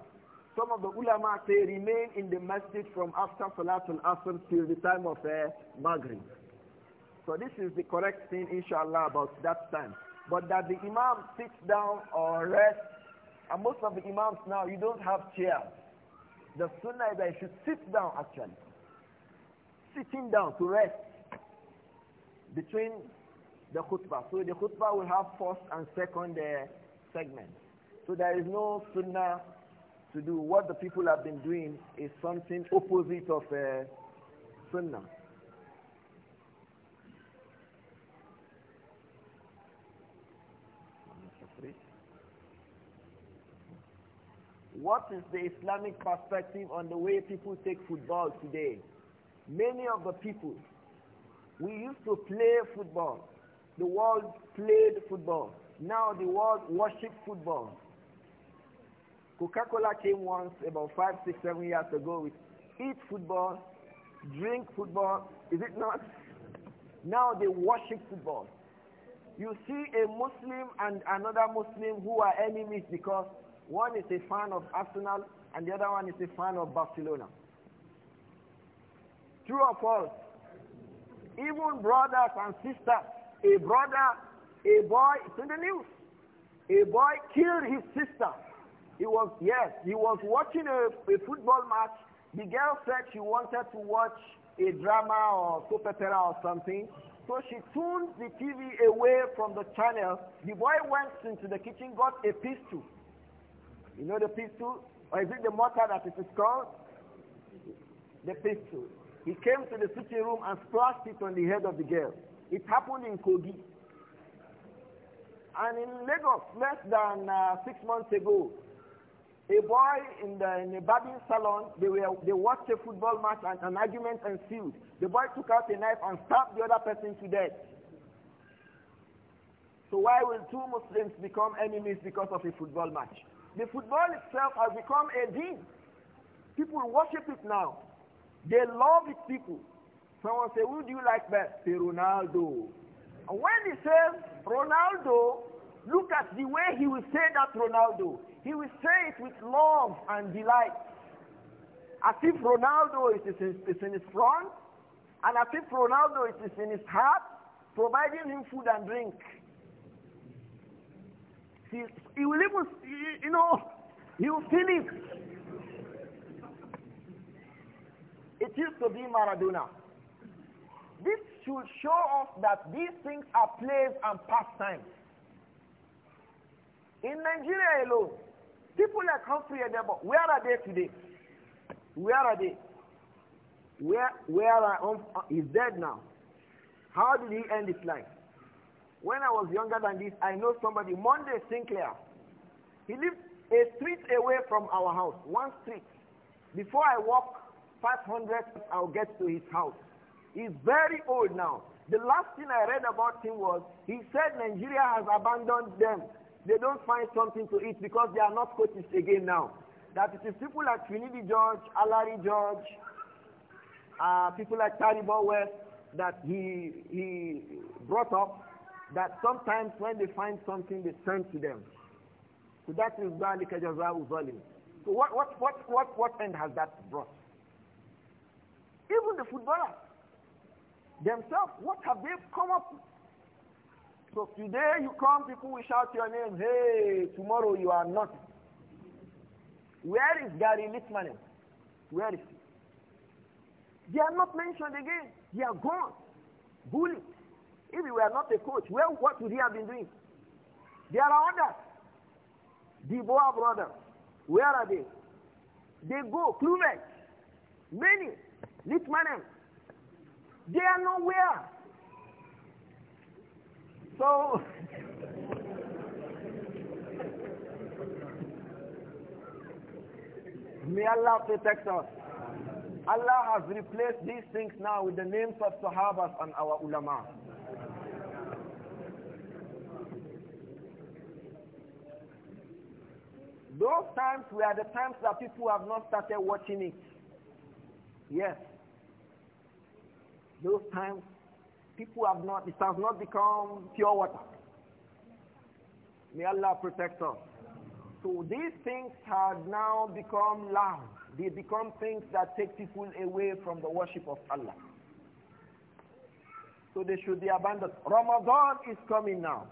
Some of the ulama say remain in the masjid from after Salatul Asr till the time of uh, Maghrib. So this is the correct thing, inshallah, about that time. But that the imam sits down or rests, and most of the imams now, you don't have chairs. The sunnah is that you should sit down, actually. Sitting down to rest between the khutbah. So the khutbah will have first and second uh, segments. So there is no sunnah to do what the people have been doing is something opposite of uh, sunnah. What is the Islamic perspective on the way people take football today? Many of the people, we used to play football. The world played football. Now the world worships football. Coca-Cola came once about five, six, seven years ago with eat football, drink football, is it not? Now they worship football. You see a Muslim and another Muslim who are enemies because one is a fan of Arsenal and the other one is a fan of Barcelona. True or false? Even brothers and sisters, a brother, a boy, it's in the news. A boy killed his sister he was, yes, he was watching a, a football match. The girl said she wanted to watch a drama or soap opera or something. So she tuned the TV away from the channel. The boy went into the kitchen, got a pistol. You know the pistol? Or is it the mortar that it is called? The pistol. He came to the sitting room and splashed it on the head of the girl. It happened in Kogi. And in Lagos, less than uh, six months ago, a boy in, the, in a barbing salon, they, were, they watched a football match and an argument ensued. The boy took out a knife and stabbed the other person to death. So why will two Muslims become enemies because of a football match? The football itself has become a deen. People worship it now. They love it, people. Someone say, who do you like best? Say, Ronaldo. And when he says Ronaldo, look at the way he will say that Ronaldo. He will say it with love and delight. As if Ronaldo is in his front, and as if Ronaldo is in his heart, providing him food and drink. He, he will even, you know, he will feel it. It used to be Maradona. This should show us that these things are plays and pastimes. In Nigeria alone, People are comfortable. Where are they today? Where are they? Where where are um, uh, dead now? How did he end his life? When I was younger than this, I know somebody, Monday Sinclair. He lived a street away from our house, one street. Before I walk 500, I'll get to his house. He's very old now. The last thing I read about him was he said Nigeria has abandoned them. They don't find something to eat because they are not coaches again now. That it is people like Trinity George, Alari George, uh, people like Taribo Bowers that he, he brought up, that sometimes when they find something, they send to them. So that is Zalika So what, what, what, what, what end has that brought? Even the footballers themselves, what have they come up with? So today you come, people will shout your name, hey, tomorrow you are not. Where is Gary Littman? Where is he? They are not mentioned again. They are gone. Bullied. If he were not a coach, well, what would he have been doing? There are others. The Boa brothers. Where are they? They go. Klumet. Many. Litmanen. They are nowhere. So, may Allah protect us. Allah has replaced these things now with the names of Sahabas and our ulama. Those times were the times that people have not started watching it. Yes. Those times people have not, it has not become pure water. May Allah protect us. So these things have now become loud. They become things that take people away from the worship of Allah. So they should be abandoned. Ramadan is coming now.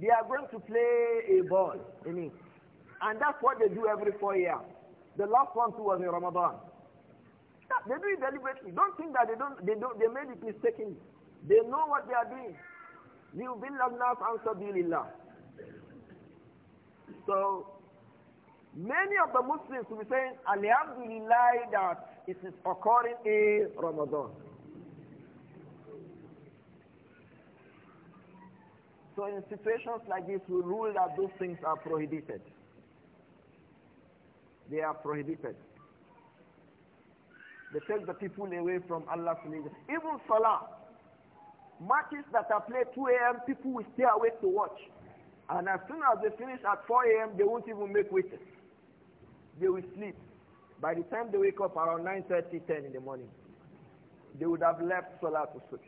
They are going to play a ball in it. And that's what they do every four years. The last one too was in Ramadan that. They do it deliberately. Don't think that they don't they don't they made it mistakenly. They know what they are doing. You will not answer billah. So many of the Muslims will be saying Alhamdulillah that it is occurring in Ramadan. So in situations like this, we rule that those things are prohibited. They are prohibited. They take the people away from Allah's religion. Even Salah, matches that are played 2 a.m., people will stay awake to watch. And as soon as they finish at 4 a.m., they won't even make witness. They will sleep. By the time they wake up around 9.30, 10 in the morning, they would have left Salah to sleep.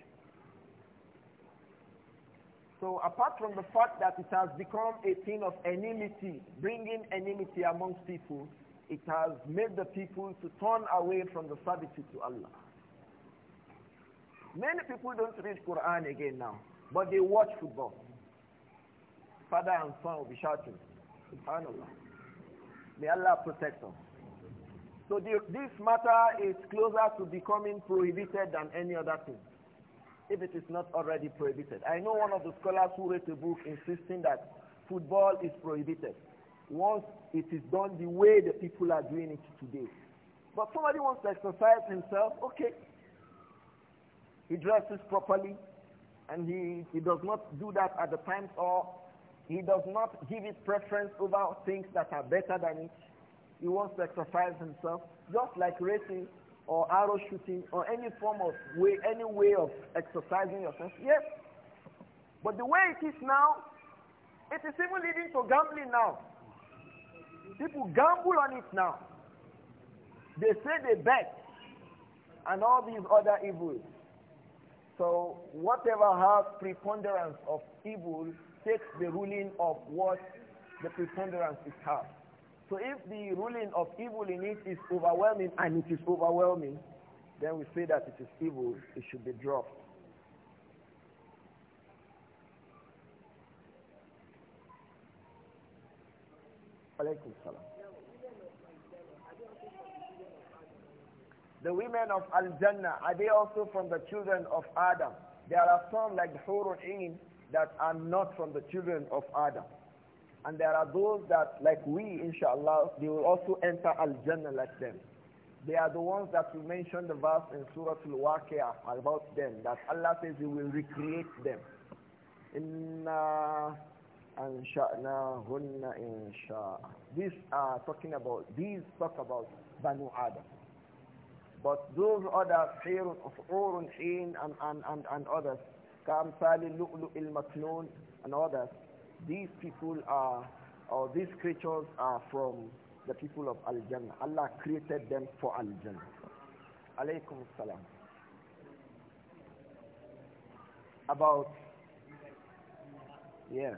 So apart from the fact that it has become a thing of enmity, bringing enmity amongst people, it has made the people to turn away from the servitude to Allah. Many people don't read Quran again now, but they watch football. Father and son will be shouting, SubhanAllah. May Allah protect us. So the, this matter is closer to becoming prohibited than any other thing, if it is not already prohibited. I know one of the scholars who wrote a book insisting that football is prohibited once it is done the way the people are doing it today. But somebody wants to exercise himself, okay. He dresses properly and he, he does not do that at the times or he does not give his preference over things that are better than it. He wants to exercise himself just like racing or arrow shooting or any form of way, any way of exercising yourself. Yes. But the way it is now, it is even leading to gambling now. People gamble on it now. They say they bet and all these other evils. So whatever has preponderance of evil takes the ruling of what the preponderance is has. So if the ruling of evil in it is overwhelming and it is overwhelming, then we say that it is evil, it should be dropped. Alaykum salam. The women of Al-Jannah, are they also from the children of Adam? There are some like the Ain that are not from the children of Adam. And there are those that, like we, inshallah, they will also enter Al-Jannah like them. They are the ones that we mentioned the verse in Surah Al-Waqi'ah about them, that Allah says He will recreate them. Inna... أنشأناهن إنشاء These are talking about, these talk about Banu Adam. But those others, حير of حين and, and, and, and others, كأمثال اللؤلؤ المكنون and others, these people are, or these creatures are from the people of Al-Jannah. Allah created them for Al-Jannah. Alaykum salam. About, yeah.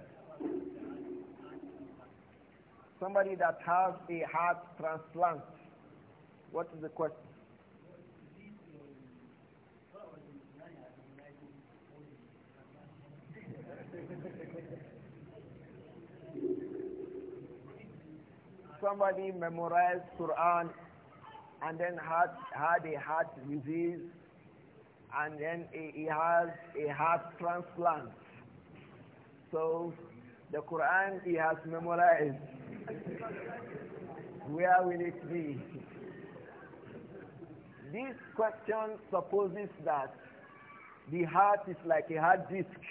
Somebody that has a heart transplant. What is the question? Somebody memorized Quran and then had, had a heart disease and then he has a heart transplant. So the Quran he has memorized. Where will it be? This question supposes that the heart is like a hard disk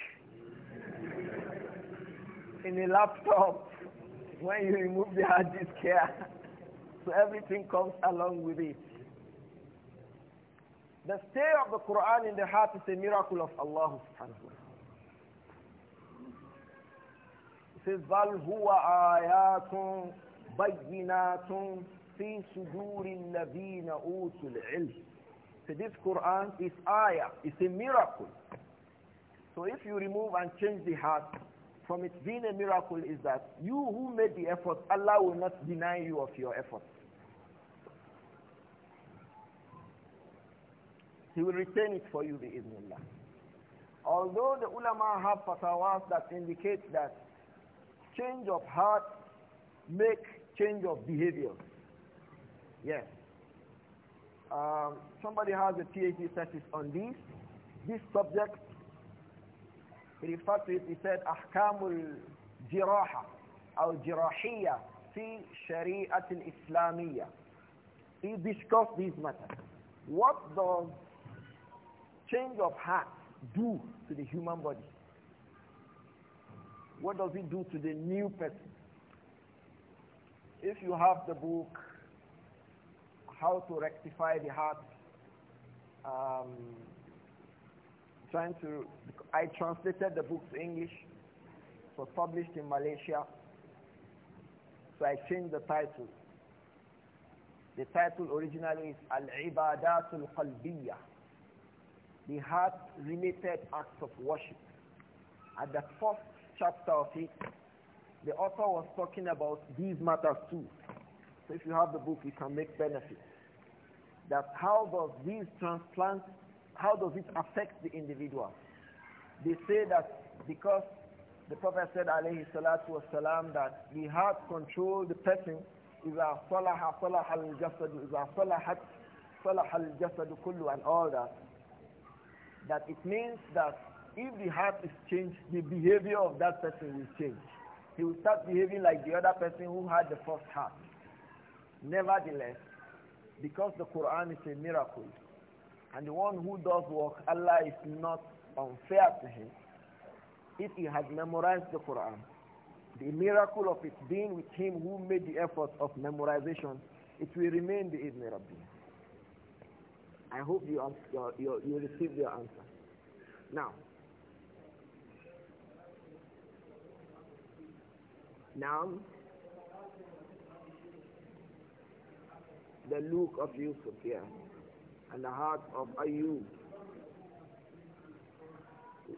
in a laptop. When you remove the hard disk here, so everything comes along with it. The stay of the Quran in the heart is a miracle of Allah subhanahu wa ta'ala. بَلْ هُوَ آيَاتٌ بَيِّنَاتٌ فِي صُدُورِ الَّذِينَ أُوتُوا الْعِلْمِ So this Quran is ayah, it's a miracle. So if you remove and change the heart, from it being a miracle is that you who made the effort, Allah will not deny you of your effort. He will retain it for you, the Ibn Allah. Although the ulama have fatwas that indicate that change of heart make change of behavior. Yes. Um, somebody has a PhD thesis on this. This subject, he referred to it, he said, أحكام al-jirahiya الجراحية في شريعة الإسلامية. He discussed this matter. What does change of heart do to the human body? What does it do to the new person? If you have the book, How to Rectify the Heart, um, trying to, I translated the book to English, it was published in Malaysia, so I changed the title. The title originally is Al-Ibadatul Qalbiyah, the heart-related acts of worship. At the first chapter of it, the author was talking about these matters too. So if you have the book, you can make benefit. That how does these transplants, how does it affect the individual? They say that because the Prophet said, alayhi salatu salam," that the heart controls the person. إِذَا صَلَحَ صَلَحَ الْجَسَدُ إِذَا صَلَحَتْ صَلَحَ الْجَسَدُ كُلُّ And all that. That it means that if the heart is changed, the behavior of that person will change. He will start behaving like the other person who had the first heart. Nevertheless, because the Quran is a miracle, and the one who does work, Allah is not unfair to him. If he has memorized the Quran, the miracle of it being with him who made the effort of memorization, it will remain the Ibn Rabbi. I hope you, you, you, received your answer. Now, Now, the look of Yusuf here and the heart of Ayub.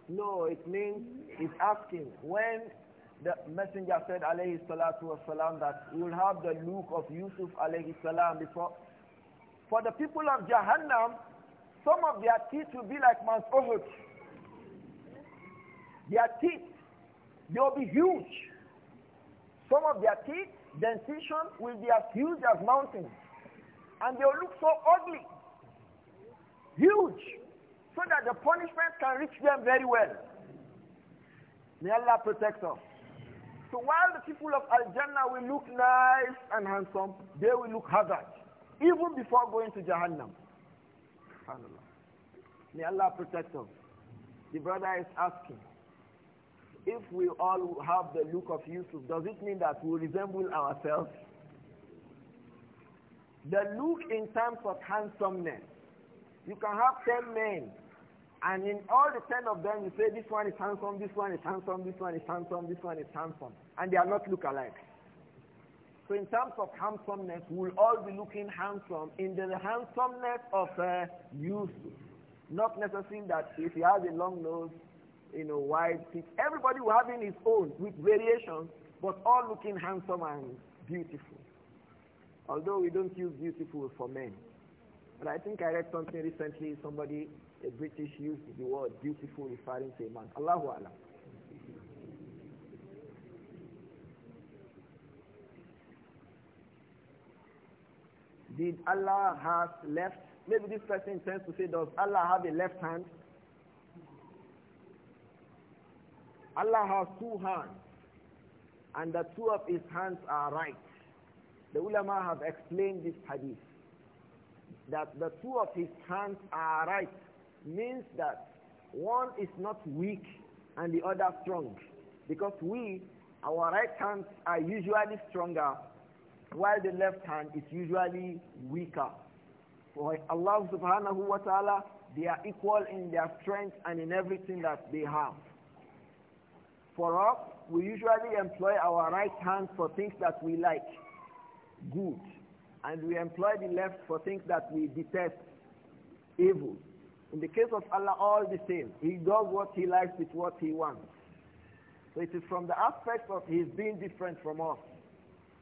No, it means it's asking when the messenger said alayhi salatu wasalam that you will have the look of Yusuf alayhi salam before. For the people of Jahannam, some of their teeth will be like Mount Uhud. Their teeth, they will be huge. Some of their teeth, dentition will be as huge as mountains. And they'll look so ugly. Huge. So that the punishment can reach them very well. May Allah protect us. So while the people of Al-Jannah will look nice and handsome, they will look haggard, even before going to Jahannam. May Allah protect us. The brother is asking, if we all have the look of Yusuf, does it mean that we resemble ourselves? The look in terms of handsomeness. You can have ten men, and in all the ten of them, you say, this one is handsome, this one is handsome, this one is handsome, this one is handsome, and they are not look alike. So in terms of handsomeness, we'll all be looking handsome in the handsomeness of uh, Yusuf. Not necessarily that if he has a long nose, you know, wide feet. Everybody having his own with variations, but all looking handsome and beautiful. Although we don't use beautiful for men. But I think I read something recently, somebody, a British, used the word beautiful referring to a man. Allahu Allah. Did Allah have left? Maybe this person intends to say, does Allah have a left hand? Allah has two hands, and the two of his hands are right. The ulama have explained this hadith, that the two of his hands are right means that one is not weak and the other strong. Because we, our right hands are usually stronger, while the left hand is usually weaker. For Allah subhanahu wa ta'ala, they are equal in their strength and in everything that they have. For us, we usually employ our right hand for things that we like, good, and we employ the left for things that we detest, evil. In the case of Allah, all the same. He does what he likes with what he wants. So it is from the aspect of his being different from us.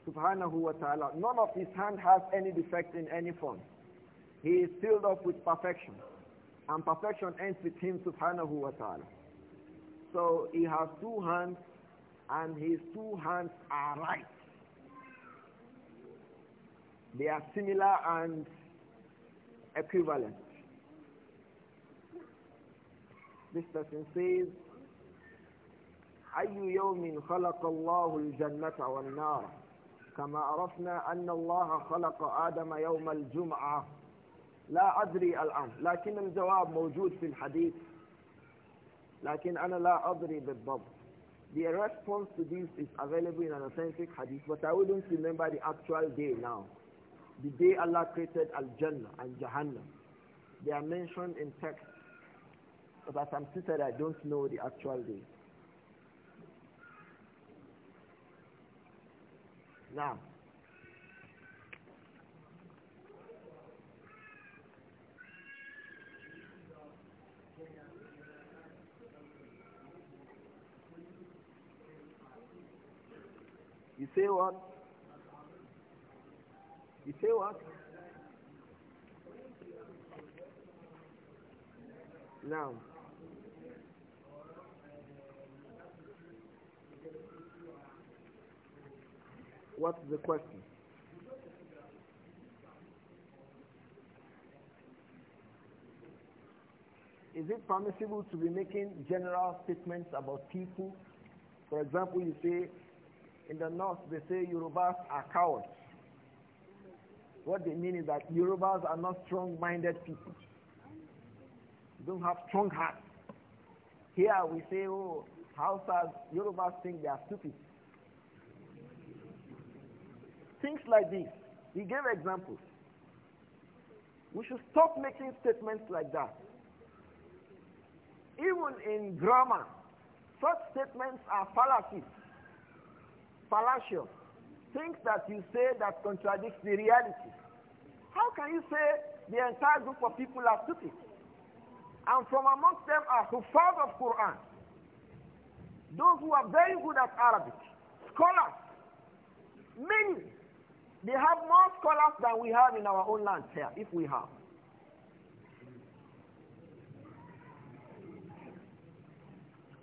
Subhanahu wa ta'ala. None of his hand has any defect in any form. He is filled up with perfection. And perfection ends with him, subhanahu wa ta'ala. So he has two hands and his two hands are right. They are similar and equivalent. This person says, أي يوم خلق الله الجنة والنار كما عرفنا أن الله خلق آدم يوم الجمعة لا أدري الآن لكن الجواب موجود في الحديث لكن أنا لا أدري بالضبط the response to this is available in an authentic hadith, but I wouldn't remember the actual day now. The day Allah created Al-Jannah and Jahannam. They are mentioned in text. But as I'm seated, I don't know the actual day. Now, say what? You say what? Now. What's the question? Is it permissible to be making general statements about people? For example, you say, in the north they say Yorubas are cowards. What they mean is that Yorubas are not strong-minded people. They don't have strong hearts. Here we say, oh, Hausas, Yorubas think they are stupid. Things like this. He gave examples. We should stop making statements like that. Even in grammar, such statements are fallacies fallacious, things that you say that contradicts the reality. How can you say the entire group of people are stupid? And from amongst them are Hufaz of Quran, those who are very good at Arabic, scholars, many. They have more scholars than we have in our own land here, if we have.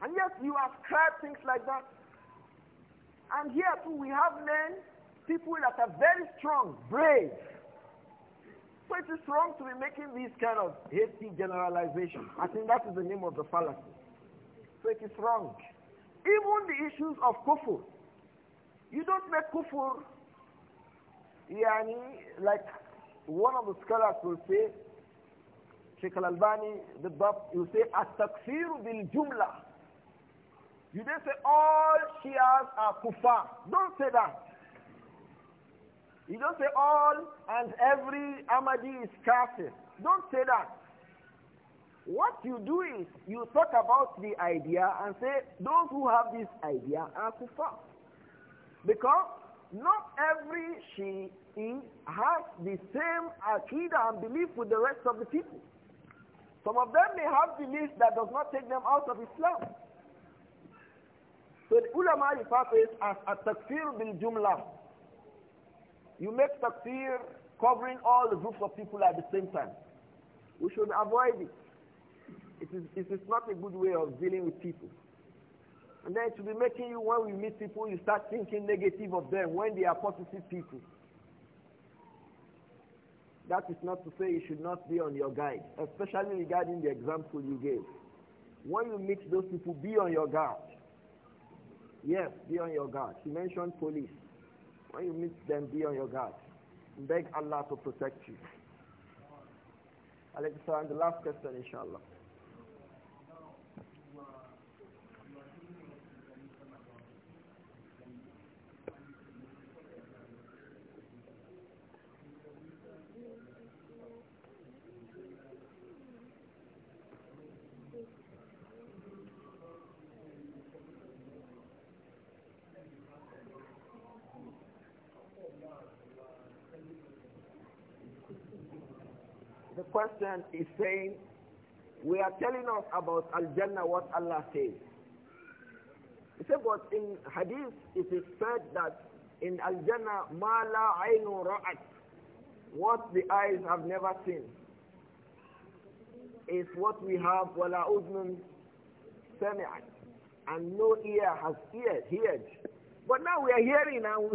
And yet you ascribe things like that. And here too, we have men, people that are very strong, brave. So it is wrong to be making these kind of hasty generalizations. I think that is the name of the fallacy. So it is wrong. Even the issues of kufur. You don't make kufur yani, like one of the scholars will say, Sheikh Al-Albani, the Bab, you say, at takfir bil-jumla. You didn't say all Shias are kuffar. Don't say that. You don't say all and every Ahmadi is kafir. Don't say that. What you do is you talk about the idea and say those who have this idea are kuffar. Because not every Shi'i has the same aqidah and belief with the rest of the people. Some of them may have beliefs that does not take them out of Islam. So the ulama refer to it as a takfir bil jumla. You make takfir covering all the groups of people at the same time. We should avoid it. It is, it is not a good way of dealing with people. And then it should be making you, when we meet people, you start thinking negative of them when they are positive people. That is not to say you should not be on your guard, especially regarding the example you gave. When you meet those people, be on your guard. Yes, be on your guard. He mentioned police. When you meet them, be on your guard. Beg Allah to protect you. Alexander, the last question, inshallah. question is saying, we are telling us about Al-Jannah what Allah says. He said, but in Hadith it is said that in Al-Jannah, mala la aynu ra'at, what the eyes have never seen, is what we have, wala udnun sami'at, and no ear has eared, heard. But now we are hearing now. (laughs)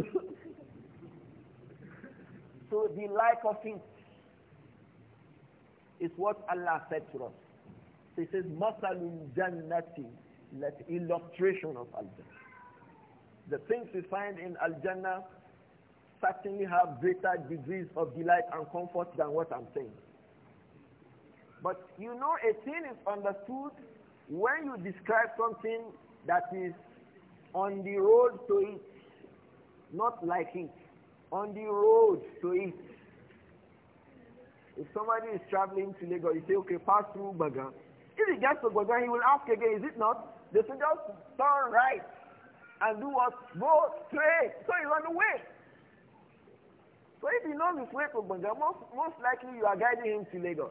so the like of it is what Allah said to us. he says, Masalul Jannati, that illustration of Al-Jannah. The things we find in Al-Jannah certainly have greater degrees of delight and comfort than what I'm saying. But you know, a thing is understood when you describe something that is on the road to it, not like it, on the road to it. If somebody is traveling to Lagos, you say, okay, pass through Baga. If he gets to Baga, he will ask again, is it not? They say, just turn right and do what? Go straight. So he's on the way. So if he knows his way to Baga, most, most likely you are guiding him to Lagos.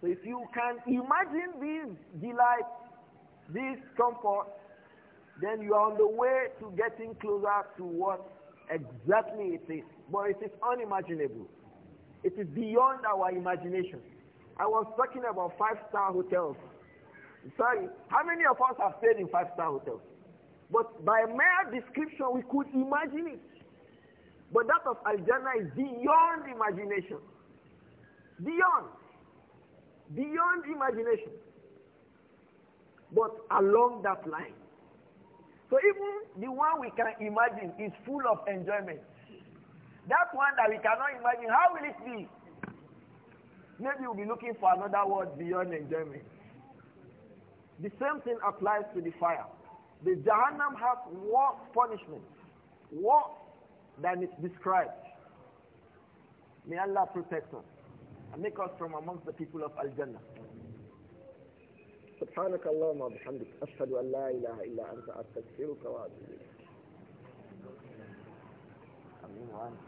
So if you can imagine these delights, this comfort, then you are on the way to getting closer to what exactly it is. But it is unimaginable. It is beyond our imagination. I was talking about five-star hotels. Sorry, how many of us have stayed in five-star hotels? But by mere description, we could imagine it. But that of Aljana is beyond imagination. Beyond. Beyond imagination. But along that line. So even the one we can imagine is full of enjoyment. That one that we cannot imagine, how will it be? Maybe we'll be looking for another word beyond enjoyment. The same thing applies to the fire. The Jahannam has worse punishment, worse than it's described. May Allah protect us and make us from amongst the people of Al-Jannah. سبحانك اللهم وبحمدك أشهد أن لا إله إلا أنت أستغفرك وأتوب إليك. آمين